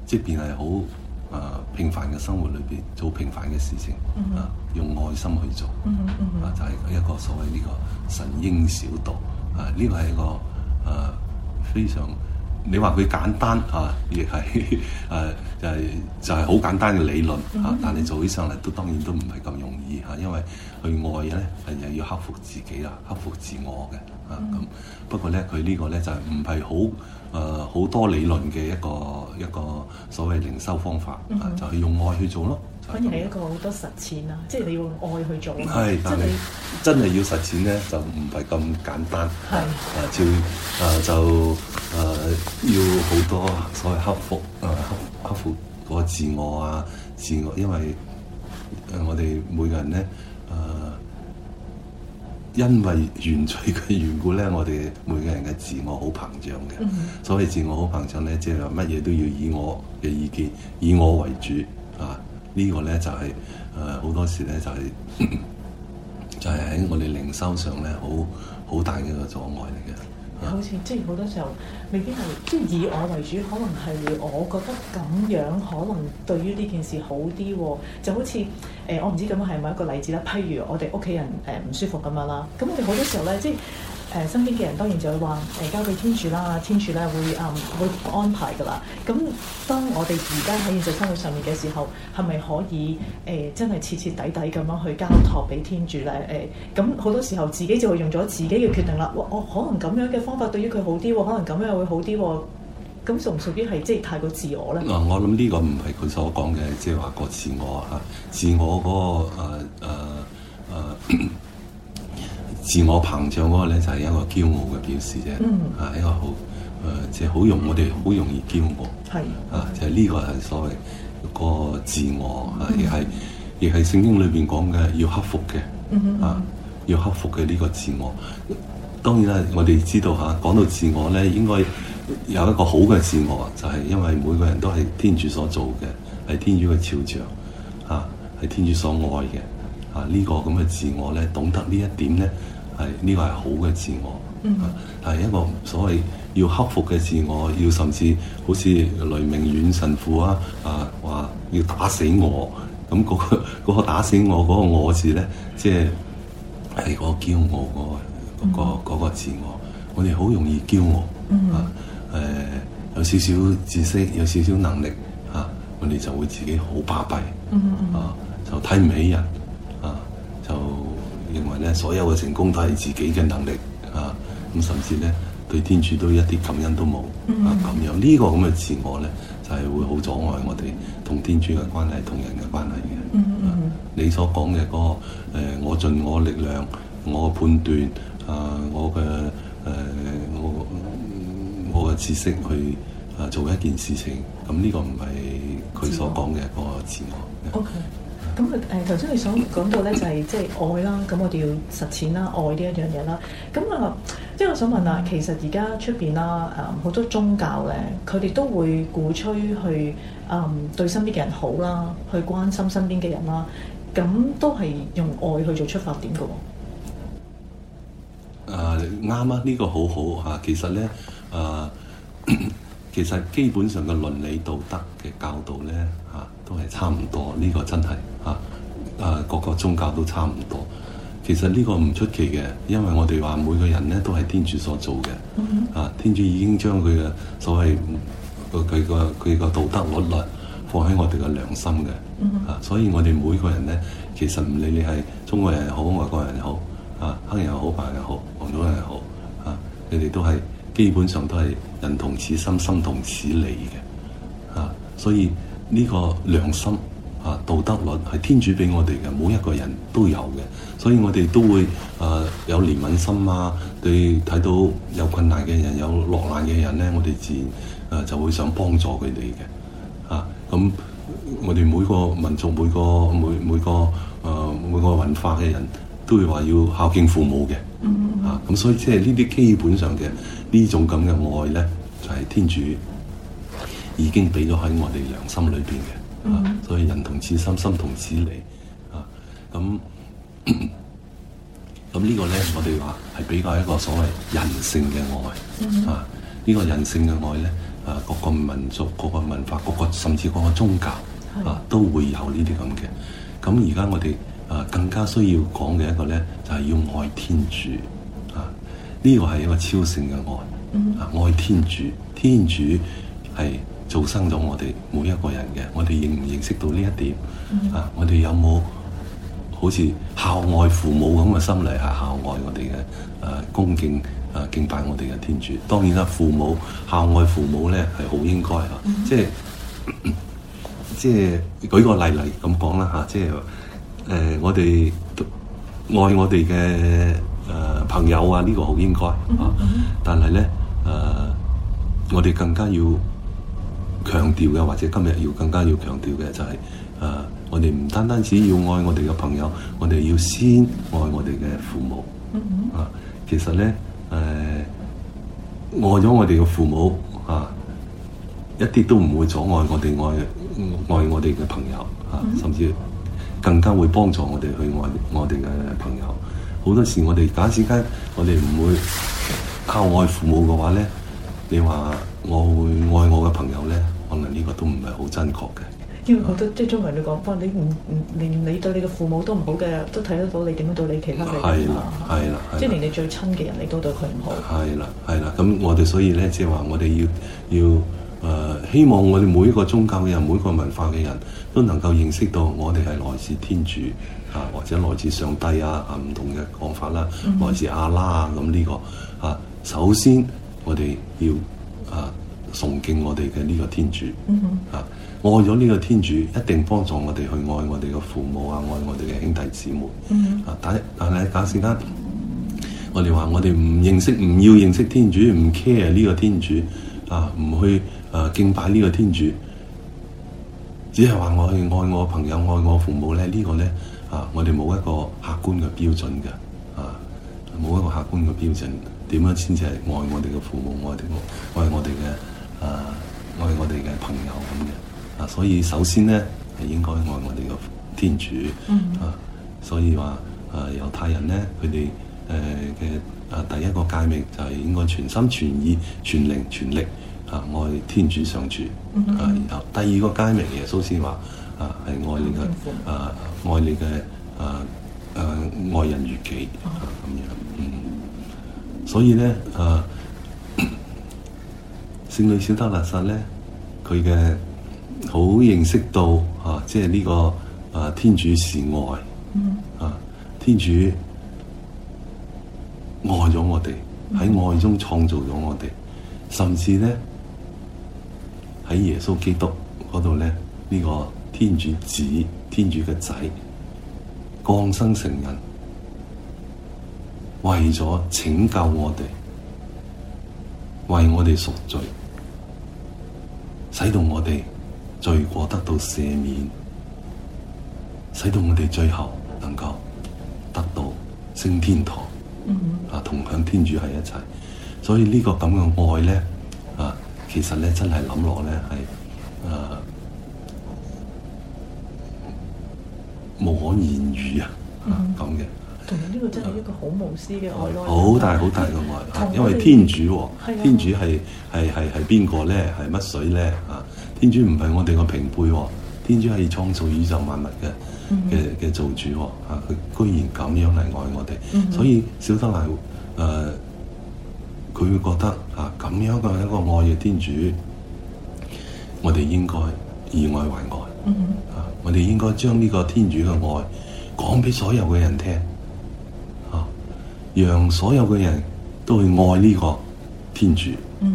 [SPEAKER 2] 即便係好啊平凡嘅生活裏邊，做平凡嘅事情、mm hmm. 啊，用愛心去做、mm hmm. 啊，就係、是、一個所謂呢個神嬰小道啊。呢個係一個啊非常，你話佢簡單啊，亦係誒就係、是、就係、是、好簡單嘅理論、mm hmm. 啊，但你做起上嚟都當然都唔係咁容易吓、啊，因為去愛咧，人，又要克服自己啊，克服自我嘅。咁、嗯、不過咧，佢呢個咧就係唔係好誒好多理論嘅一個一個所謂靈修方法啊，嗯、哼就係用愛去做咯。而係一個好
[SPEAKER 1] 多實踐啊、嗯，的即係你要用愛去做。係，但
[SPEAKER 2] 係真係要實踐咧，就唔係咁簡單的。係啊，啊，就誒、啊、要好多所謂克服誒、啊、克服個自我啊，自我，因為誒我哋每個人咧。因為原罪嘅緣故咧，我哋每個人嘅自我好膨脹嘅，mm hmm. 所謂自我好膨脹咧，即係話乜嘢都要以我嘅意見，以我為主啊！呢、這個咧就係誒好多時咧就係、是、 就係喺我哋靈修上咧好好大嘅一個阻礙嚟嘅。啊、好似即係
[SPEAKER 1] 好多時候。未必係即係以我為主，可能係我覺得咁樣可能對於呢件事好啲喎，哦，就好似誒，呃，我唔知咁樣係咪一個例子啦。譬如我哋屋企人誒唔，呃，舒服咁樣啦，咁我哋好多時候咧即係。誒身邊嘅人當然就會話誒交俾天主啦，天主咧會誒、嗯、會安排噶啦。咁、嗯、當我哋而家喺現實生活上面嘅時候，係咪可以誒、呃、真係徹徹底底咁樣去交托俾天主咧？誒咁好多時候自己就會用咗自己嘅決定啦。我、哦、可能咁樣嘅方法對於佢好啲、哦，可能咁樣會好啲、哦。咁屬唔屬於係即係太過自我咧？嗱、
[SPEAKER 2] 呃，我諗呢個唔係佢所講嘅，即係話過自我嚇，自我嗰、那個誒誒、呃呃呃呃自我膨脹嗰個咧就係一個驕傲嘅表示啫，mm hmm. 啊，一個好，誒、mm，即係好容我哋好容易驕傲，係、mm hmm. 啊，就係、是、呢個係所謂個自我啊，亦係亦係聖經裏邊講嘅要克服嘅，啊，要克服嘅呢個自我。當然啦，我哋知道嚇、啊，講到自我咧，應該有一個好嘅自我，就係、是、因為每個人都係天主所做嘅，係天主嘅肖像，啊，係天主所愛嘅，啊，呢、這個咁嘅自我咧，懂得呢一點咧。係呢個係好嘅自我，啊、但係一個所謂要克服嘅自我，要甚至好似雷鳴遠神父啊話、啊、要打死我，咁、啊、嗰、嗰個嗰個打死我嗰、嗰個我字咧，即係係個驕傲、嗰個嗰、嗰個嗰個自我。我哋好容易驕傲，誒、啊啊、有少少知識，有少少能力嚇、啊，我哋就會自己好巴閉，啊，就睇唔起人。同埋咧，所有嘅成功都係自己嘅能力啊！咁甚至咧，對天主都一啲感恩都冇啊！咁、mm hmm. 樣呢、呢個咁嘅自我咧，就係、是、會好阻礙我哋同天主嘅關係，同人嘅關係嘅、mm hmm. 啊。你所講嘅嗰個、呃、我盡我力量，我判斷啊，我嘅誒、呃，我我嘅知識去啊做一件事情，咁、嗯、呢、呢個唔係佢所講嘅嗰個自我。自我
[SPEAKER 1] Yeah. OK。咁啊，誒頭先你想講到咧就係即係愛啦，咁 我哋要實踐啦，愛呢一樣嘢啦。咁啊，即係我想問下，其實而家出邊啦，誒好多宗教咧，佢哋都會鼓吹去誒、嗯、對身邊嘅人好啦，去關心身邊嘅人啦，咁都係用愛去做出發點嘅
[SPEAKER 2] 喎。誒啱啊，呢、啊呢個好好嚇、啊。其實咧，誒、啊、 其實基本上嘅倫理道德嘅教導咧嚇。啊都係差唔多，呢、這個真係嚇。誒、啊，個個宗教都差唔多。其實呢個唔出奇嘅，因為我哋話每個人呢都係天主所做嘅。嚇、mm hmm. 啊，天主已經將佢嘅所謂佢個佢個道德律律放喺我哋嘅良心嘅。嚇、mm hmm. 啊，所以我哋每個人呢，其實唔理你係中國人又好，外國人又好，啊，黑人又好，白人又好，黃種人又好，啊，你哋都係基本上都係人同此心，心同此理嘅。嚇、啊，所以。呢個良心啊，道德律係天主俾我哋嘅，每一個人都有嘅，所以我哋都會誒、呃、有憐憫心啊，對睇到有困難嘅人、有落難嘅人咧，我哋自然誒、呃、就會想幫助佢哋嘅啊。咁我哋每個民族、每個每每個誒、呃、每個文化嘅人都會話要孝敬父母嘅啊。咁所以即係呢啲基本上嘅呢種咁嘅愛咧，就係、是、天主。已經俾咗喺我哋良心裏邊嘅、mm hmm. 啊，所以人同此心，心同此理。啊，咁咁呢個呢，我哋話係比較一個所謂人性嘅愛。Mm hmm. 啊，呢、呢個人性嘅愛呢，啊各個民族、各個文化、各個甚至各個宗教、mm hmm. 啊，都會有呢啲咁嘅。咁而家我哋啊更加需要講嘅一個呢，就係、係、要愛天主。啊，呢、呢個係一個超性嘅愛。啊，愛天主，天主係。做生咗我哋每一個人嘅，我哋認唔認識到呢一點、
[SPEAKER 5] mm hmm. 啊？
[SPEAKER 2] 我哋有冇好似孝愛父母咁嘅心理吓？孝愛我哋嘅誒恭敬誒敬拜我哋嘅天主。當然啦，父母孝愛父母咧係好應該嚇、mm hmm. 即係即係舉個例嚟咁講啦嚇，即係誒、呃、我哋愛我哋嘅誒朋友啊，呢、這個好應該啊，mm hmm. 但係咧誒我哋更加要。強調嘅，或者今日要更加要強調嘅就係、是，誒、呃，我哋唔單單只要愛我哋嘅朋友，我哋要先愛我哋嘅父母。啊、呃，其實咧，誒、呃，愛咗我哋嘅父母，啊、呃，一啲都唔會阻礙我哋愛愛我哋嘅朋友。啊、呃，甚至更加會幫助我哋去愛我哋嘅朋友。好多時我哋假設我哋唔會靠愛父母嘅話咧，你話我會愛我嘅朋友咧？可能呢個都唔係好真確嘅。
[SPEAKER 1] 因為我覺得即係中文嚟講，你唔唔連你對你嘅父母都唔好嘅，都睇得到你點樣對你其他嘅人。係啦，係啦，即係連你最親嘅人，你都對佢唔好。係
[SPEAKER 2] 啦，係啦，咁我哋所以咧，即係話我哋要要誒，希望我哋每一個宗教嘅人，每一個文化嘅人都能夠認識到，我哋係來自天主啊，或者來自上帝啊，啊唔同嘅講法啦，來自阿拉啊，咁呢個啊。首先，我哋要啊。崇敬我哋嘅呢個天主、mm hmm. 啊，愛咗呢個天主一定幫助我哋去愛我哋嘅父母啊，愛我哋嘅兄弟姊妹、mm hmm. 啊。但但係假使咧，我哋話我哋唔認識，唔要認識天主，唔 care 呢個天主啊，唔去啊敬拜呢個天主，只係話我去愛我朋友，愛我父母咧，這個、呢個咧啊，我哋冇一個客觀嘅標準嘅啊，冇一個客觀嘅標準，點樣先至係愛我哋嘅父母，愛我哋，愛我哋嘅。啊，愛我哋嘅朋友咁嘅，啊，所以首先呢，係應該愛我哋嘅天主，嗯、哼啊，所以話啊猶太人呢，佢哋誒嘅啊第一個誡命就係應該全心全意全靈全力啊愛天主上主，
[SPEAKER 4] 嗯、哼啊，然
[SPEAKER 2] 後第二個誡命，耶穌先話啊係愛你嘅、嗯、哼啊愛你嘅啊啊愛人如己咁樣，所以呢。啊。嗯聖女小德肋撒呢，佢嘅好認識到啊，即係呢、這個啊天主是愛啊，天主愛咗我哋，喺愛中創造咗我哋，甚至呢，喺耶穌基督嗰度咧，呢、這個天主子、天主嘅仔降生成人，為咗拯救我哋，為我哋贖罪。使到我哋罪過得到赦免，使到我哋最後能夠得到升天堂，mm hmm. 啊，同向天主喺一齊。所以這個這呢個咁嘅愛咧，啊，其實咧真係諗落咧係啊，無可言喻啊，咁、啊、嘅。
[SPEAKER 1] 同呢個真係一個好無私嘅愛，愛，好大好大嘅愛，因為天
[SPEAKER 2] 主、哦啊天主，天主係係係係邊個咧？係乜水咧？啊！天主唔係我哋個平輩，天主係創造宇宙萬物嘅嘅嘅造主、哦，啊！佢居然咁樣嚟愛我哋，嗯、哼所以小德蘭誒，佢、呃、會覺得啊，咁樣嘅一個愛嘅天主，我哋應該以愛還愛，啊、嗯哼！我哋應該將呢個天主嘅愛講俾所有嘅人聽。讓所有嘅人都去愛呢個天主，呢、嗯、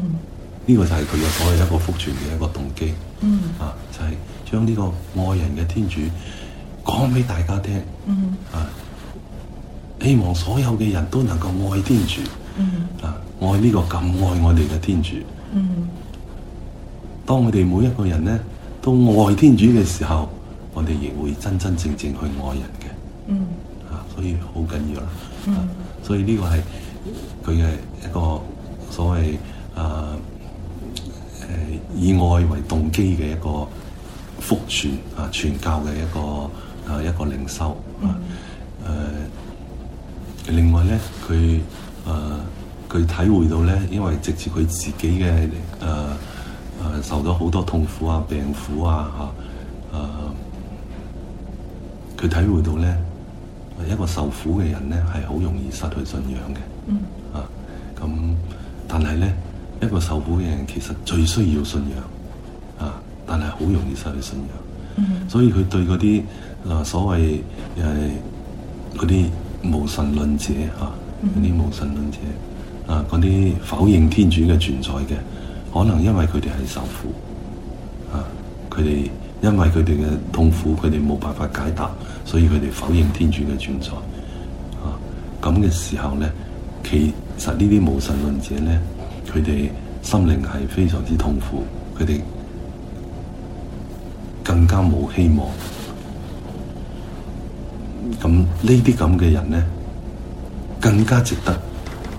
[SPEAKER 2] 個就係佢嘅所有一個福傳嘅一個動機，嗯、啊，就係、是、將呢個愛人嘅天主講俾大家聽，嗯、啊，希望所有嘅人都能夠愛天主，嗯、啊，愛呢個咁愛我哋嘅天主，
[SPEAKER 5] 嗯、
[SPEAKER 2] 當我哋每一個人呢都愛天主嘅時候，我哋亦會真真正正去愛人嘅。嗯所以好緊要啦，所以呢個係佢嘅一個所謂啊誒、呃、以愛為動機嘅一個福傳啊傳教嘅一個啊、呃、一個靈修啊、呃、另外咧佢啊佢體會到咧，因為直至佢自己嘅誒誒受咗好多痛苦啊病苦啊嚇啊佢體會到咧。一個受苦嘅人呢，係好容易失去信仰嘅。Mm hmm. 啊，咁但係呢，一個受苦嘅人其實最需要信仰。啊，但係好容易失去信仰。Mm
[SPEAKER 4] hmm. 所
[SPEAKER 2] 以佢對嗰啲啊所謂誒嗰啲無神論者啊，嗰啲無神論者。Mm hmm. 啊，啲否認天主嘅存在嘅，可能因為佢哋係受苦。啊，佢哋。因為佢哋嘅痛苦，佢哋冇辦法解答，所以佢哋否認天主嘅存在。啊，咁嘅時候呢，其實呢啲無神論者呢，佢哋心靈係非常之痛苦，佢哋更加冇希望。咁、啊、呢啲咁嘅人咧，更加值得，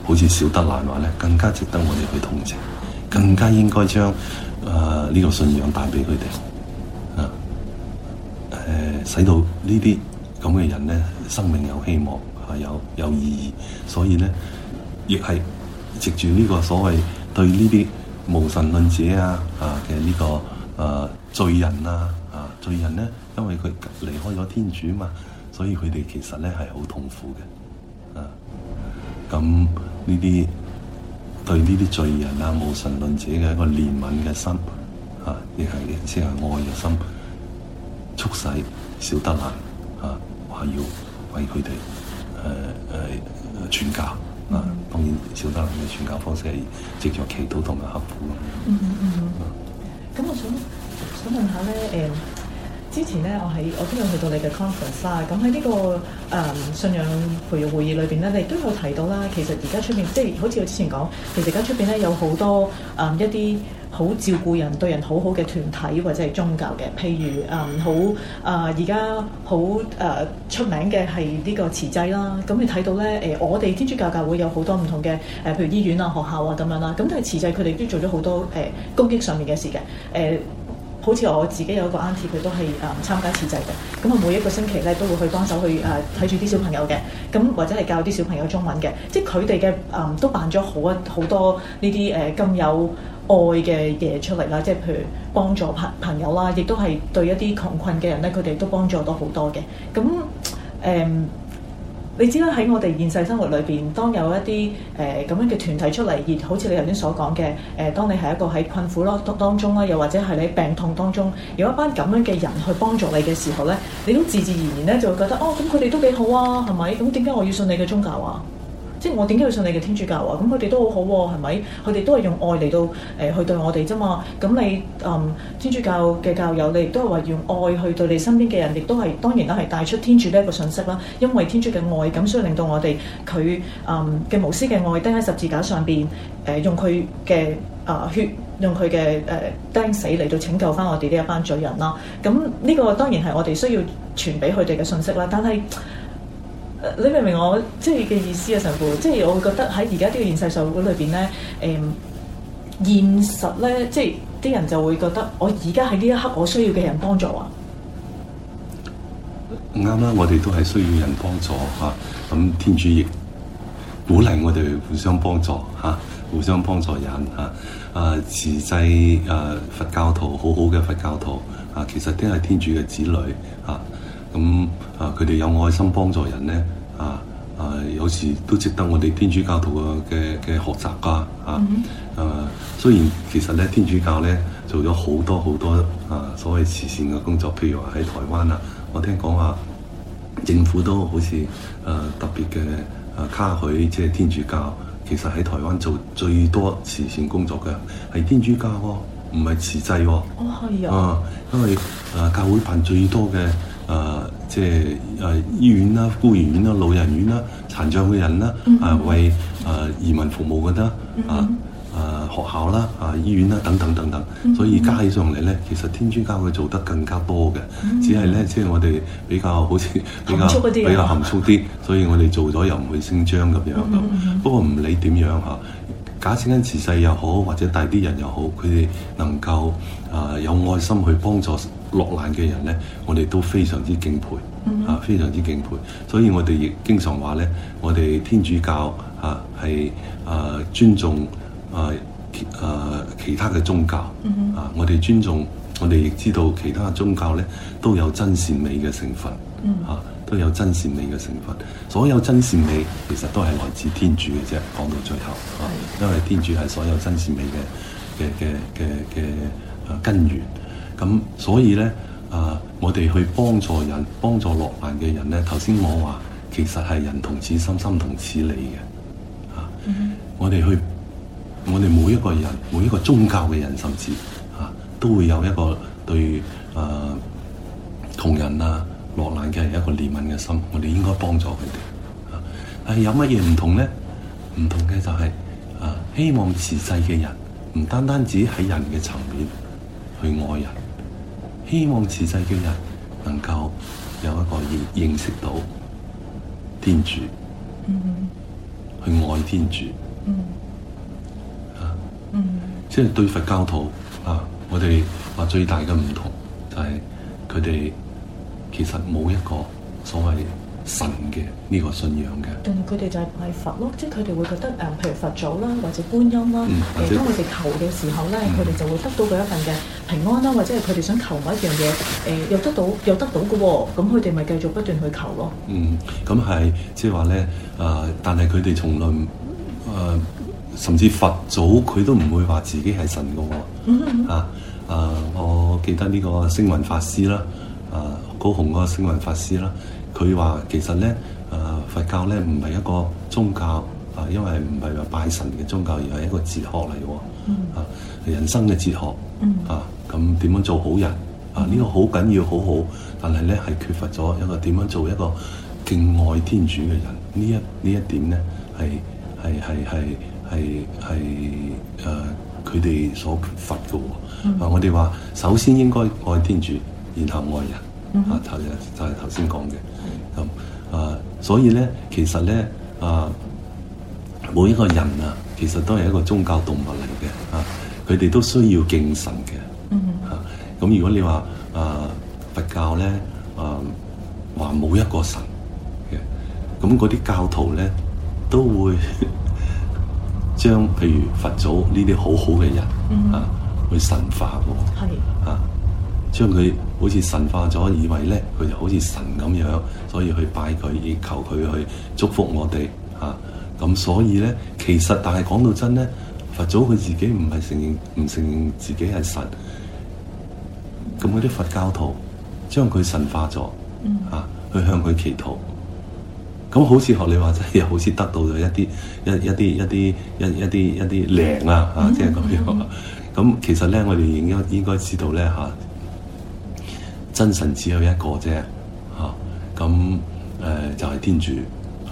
[SPEAKER 2] 好似小德蘭話咧，更加值得我哋去同情，更加應該將誒呢個信仰帶俾佢哋。使到呢啲咁嘅人咧，生命有希望，啊、啊、有有意義。所以咧，亦係藉住呢個所謂對呢啲無神論者啊啊嘅呢、呢個誒、啊、罪人啊啊罪人咧，因為佢離開咗天主嘛，所以佢哋其實咧係好痛苦嘅。啊，咁呢啲對呢啲罪人啊無神論者嘅一個憐憫嘅心，啊亦係亦即係愛嘅心。促使小德蘭啊，係要為佢哋誒誒傳教啊。當然，小德蘭嘅傳教方式係藉助祈禱同埋刻苦。嗯嗯嗯。
[SPEAKER 1] 咁我想想問下咧，誒、嗯、之前咧，我喺我都有去到你嘅 conference 啊、這個。咁喺呢個誒信仰培育會議裏邊咧，你都有提到啦、就是。其實而家出面，即係好似我之前講，其實而家出面咧有好多誒一啲。好照顧人對人好好嘅團體或者係宗教嘅，譬如誒、嗯、好誒而家好誒出名嘅係呢個慈濟啦。咁你睇到咧誒、呃，我哋天主教教會有好多唔同嘅誒、呃，譬如醫院啊、學校啊咁樣啦。咁、嗯、但係慈濟，佢哋都做咗好多誒、呃、攻擊上面嘅事嘅。誒、呃，好似我自己有一個 uncle 佢都係誒、呃、參加慈濟嘅。咁、嗯、啊，每一個星期咧都會去幫手去誒睇住啲小朋友嘅，咁、嗯、或者係教啲小朋友中文嘅。即係佢哋嘅誒都辦咗好一好多呢啲誒更有愛嘅嘢出嚟啦，即係譬如幫助朋朋友啦，亦都係對一啲窮困嘅人咧，佢哋都幫助到好多嘅。咁誒、嗯，你知啦，喺我哋現實生活裏邊，當有一啲誒咁樣嘅團體出嚟，而好似你頭先所講嘅，誒、呃，當你係一個喺困苦咯當中啦，又或者係你病痛當中，有一班咁樣嘅人去幫助你嘅時候咧，你都自自然然咧就會覺得，哦，咁佢哋都幾好啊，係咪？咁點解我要信你嘅宗教啊？即係我點解要信你嘅天主教啊？咁佢哋都好好、啊、喎，係咪？佢哋都係用愛嚟到誒、呃、去對我哋啫嘛。咁你誒、呃、天主教嘅教友，你亦都係話用愛去對你身邊嘅人，亦都係當然啦，係帶出天主呢一個信息啦。因為天主嘅愛，咁所以令到我哋佢誒嘅無私嘅愛釘喺十字架上邊誒、呃，用佢嘅啊血，用佢嘅誒釘死嚟到拯救翻我哋呢一班罪人啦。咁呢個當然係我哋需要傳俾佢哋嘅信息啦，但係。你明唔明我即係嘅意思啊，神父？即係我會覺得喺而家呢個現世社會裏邊咧，誒、嗯、現實咧，即係啲人就會覺得我而家喺呢一刻，我需要嘅人幫助啊！
[SPEAKER 2] 啱啱我哋都係需要人幫助嚇，咁、啊、天主亦鼓勵我哋互相幫助嚇、啊，互相幫助人嚇，啊慈製啊佛教徒好好嘅佛教徒啊，其實都係天主嘅子女嚇。啊咁啊！佢哋有愛心幫助人咧，啊啊，有時都值得我哋天主教徒嘅嘅學習噶啊。啊，mm hmm. 啊，雖然其實咧，天主教咧做咗好多好多啊，所謂慈善嘅工作，譬如話喺台灣啊，我聽講話、啊、政府都好似誒、啊、特別嘅誒卡許，即、啊、係、啊、天主教。其實喺台灣做最多慈善工作嘅係天主教喎，唔係慈濟喎。哦，係啊、哦。
[SPEAKER 1] Oh,
[SPEAKER 2] yeah. 啊，因為誒、啊、教會辦最多嘅、mm。Hmm. 誒，即係誒醫院啦、孤兒院啦、老人院啦、殘障嘅人啦，誒、呃、為誒、呃、移民服務嘅啦，誒、呃、誒、呃、學校啦、誒、呃、醫院啦等等等等，所以加起上嚟咧，其實天主教會做得更加多嘅，只係咧即係我哋比較好似比較比較含蓄啲，所以我哋做咗又唔會聲張咁樣。嗯嗯嗯嗯，不過唔理點樣嚇，假設間慈世又好，或者大啲人又好，佢哋能夠誒、呃、有愛心去幫助。落難嘅人咧，我哋都非常之敬佩，mm hmm. 啊，非常之敬佩。所以我哋亦經常話咧，我哋天主教啊，係啊尊重啊其啊其他嘅宗教，mm hmm. 啊，我哋尊重，我哋亦知道其他宗教咧都有真善美嘅成分，嚇，mm hmm. 啊，都有真善美嘅成分。所有真善美其實都係來自天主嘅啫。講到最後，啊 mm hmm. 因為天主係所有真善美嘅嘅嘅嘅嘅根源。咁所以咧，啊、呃，我哋去幫助人、幫助落難嘅人咧。頭先我話，其實係人同此心，心同此理嘅。啊，mm
[SPEAKER 4] hmm.
[SPEAKER 2] 我哋去，我哋每一個人、每一個宗教嘅人，甚至啊，都會有一個對啊同人啊落難嘅人一個憐憫嘅心。我哋應該幫助佢哋。啊，但係有乜嘢唔同咧？唔同嘅就係、是、啊，希望持世嘅人唔單單止喺人嘅層面去愛人。希望此世嘅人能夠有一個認認識到天主，mm hmm. 去愛天主，mm hmm. 啊，mm hmm. 即係對佛教徒啊，我哋話最大嘅唔同就係佢哋其實冇一個所謂。神嘅呢、這個信仰嘅，
[SPEAKER 1] 但係佢哋就係拜佛咯，即係佢哋會覺得誒，譬如佛祖啦，或者觀音啦，誒、嗯，當我哋求嘅時候咧，佢哋、嗯、就會得到佢一份嘅平安啦，或者係佢哋想求一樣嘢，誒、呃，又得到又得到嘅喎，咁佢哋咪繼續不斷去求咯。嗯，
[SPEAKER 2] 咁、嗯、係、嗯嗯、即係話咧，啊、呃，但係佢哋從來誒、呃，甚至佛祖佢都唔會話自己係神嘅喎。啊，誒、呃，我記得呢個星雲法師啦，誒、呃，高雄嗰個星雲法師啦。佢話其實咧，誒、呃、佛教咧唔係一個宗教，啊、呃，因為唔係話拜神嘅宗教，而係一個哲學嚟嘅，嗯、啊，人生嘅哲學，嗯、啊，咁點樣做好人？啊，呢、這個好緊要，好好，但係咧係缺乏咗一個點樣做一個敬愛天主嘅人呢一呢一點咧，係係係係係係誒佢哋所缺乏嘅、哦。嗯、啊，我哋話首先應該愛天主，然後愛人。Mm hmm. 啊，頭日就係頭先講，嘅，咁啊，所以咧，其實咧啊，每一個人啊，其實都係一個宗教動物嚟嘅，啊，佢哋都需要敬神嘅、
[SPEAKER 4] mm
[SPEAKER 2] hmm. 啊，啊，咁如果你話啊佛教咧啊話冇一個神嘅，咁嗰啲教徒咧都會將 譬如佛祖呢啲好好嘅人、mm hmm. 啊去神化個，係、mm hmm. 啊，將佢。好似神化咗，以為咧佢就好似神咁樣，所以去拜佢，以求佢去祝福我哋嚇。咁所以咧，其實但係講到真咧，佛祖佢自己唔係承認，唔承認自己係神。咁嗰啲佛教徒將佢神化咗嚇，去向佢祈禱。咁好似學你話齋，又好似得到咗一啲一一啲一啲一一啲一啲靈啊嚇，即係咁樣。咁其實咧，我哋應應應該知道咧嚇。真神只有一個啫，嚇，咁誒就係、係、天主，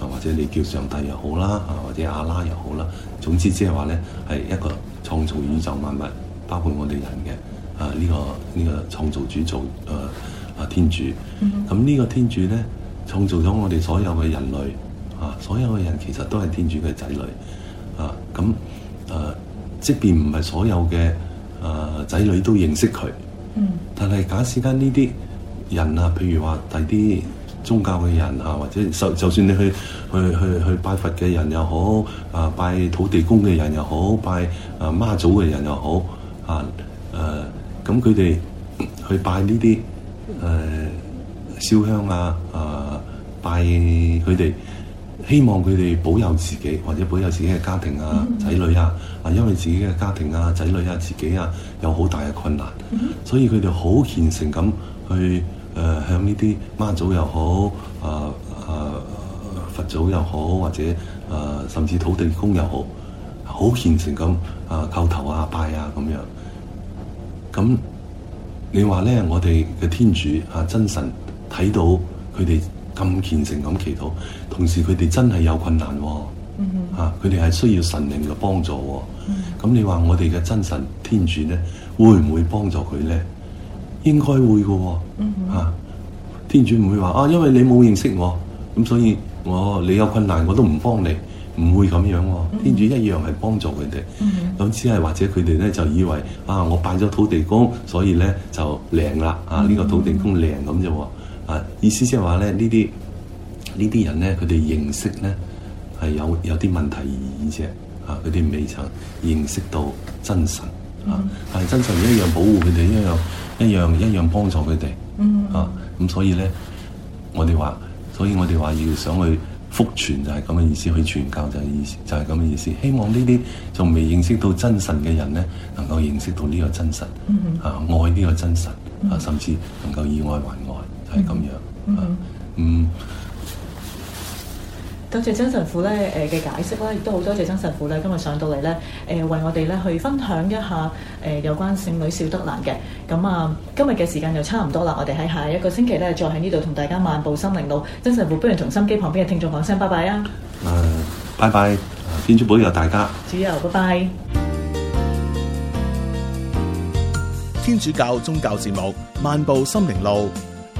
[SPEAKER 2] 啊或者你叫上帝又好啦，啊或者阿拉又好啦，總之即係話咧係一個創造宇宙萬物，包括我哋人嘅啊呢、呢個呢、呢個創造主造誒啊天主，咁呢、mm hmm. 啊呢個天主咧創造咗我哋所有嘅人類，啊所有嘅人其實都係天主嘅仔女，啊咁啊，啊即便唔係所有嘅啊仔女都認識佢。但係假使間呢啲人啊，譬如話第啲宗教嘅人啊，或者就就算你去去去去拜佛嘅人又好，啊、呃、拜土地公嘅人又好，拜啊、呃、媽祖嘅人又好，啊誒，咁佢哋去拜呢啲誒燒香啊，啊、呃、拜佢哋。希望佢哋保佑自己，或者保佑自己嘅家庭啊、仔、mm hmm. 女啊，啊，因為自己嘅家庭啊、仔女啊、自己啊有好大嘅困難，mm hmm. 所以佢哋好虔誠咁去誒、呃、向呢啲媽祖又好，啊、呃、啊佛祖又好，或者啊、呃、甚至土地公又好，好虔誠咁啊叩頭啊拜啊咁樣。咁你話咧，我哋嘅天主啊真神睇到佢哋。咁虔誠咁祈禱，同時佢哋真係有困難，
[SPEAKER 4] 喎
[SPEAKER 2] 佢哋係需要神明嘅幫助。咁你話我哋嘅真神天主呢，會唔會幫助佢呢？應該會㗎，喎天主唔會話啊，因為你冇認識我，咁所以我你有困難我都唔幫你，唔會咁樣。天主一樣係幫助佢哋，咁只係或者佢哋呢就以為啊，我拜咗土地公，所以呢就靈啦啊，呢個土地公靈咁啫。啊！意思即係話咧，呢啲呢啲人咧，佢哋認識咧係有有啲問題而已啫。啊，佢哋未曾認識到真神。
[SPEAKER 4] 啊，mm hmm.
[SPEAKER 2] 但係真神一樣保護佢哋，一樣一樣一樣幫助佢哋。
[SPEAKER 4] Mm
[SPEAKER 2] hmm. 啊，咁所以咧，我哋話，所以我哋話要想去福傳就係咁嘅意思，去傳教就係咁嘅意思，就係咁嘅意思。希望呢啲仲未認識到真神嘅人咧，能夠認識到呢個真實。嗯、mm。Hmm. 啊，愛呢個真實啊，甚至能夠以愛還愛。咁
[SPEAKER 5] 樣
[SPEAKER 1] 嗯，多謝曾神父咧，誒嘅解釋咧，亦都好多謝曾神父咧，今日上到嚟咧，誒為我哋咧去分享一下誒有關聖女小德蘭嘅。咁啊，今日嘅時間就差唔多啦，我哋喺下一個星期咧再喺呢度同大家漫步心靈路。曾神父，不如同心機旁邊嘅聽眾講聲拜拜啊！誒、呃，
[SPEAKER 6] 拜拜，天主保佑大家，
[SPEAKER 1] 主佑，拜拜。
[SPEAKER 6] 天主教宗教節目《漫步心靈路》。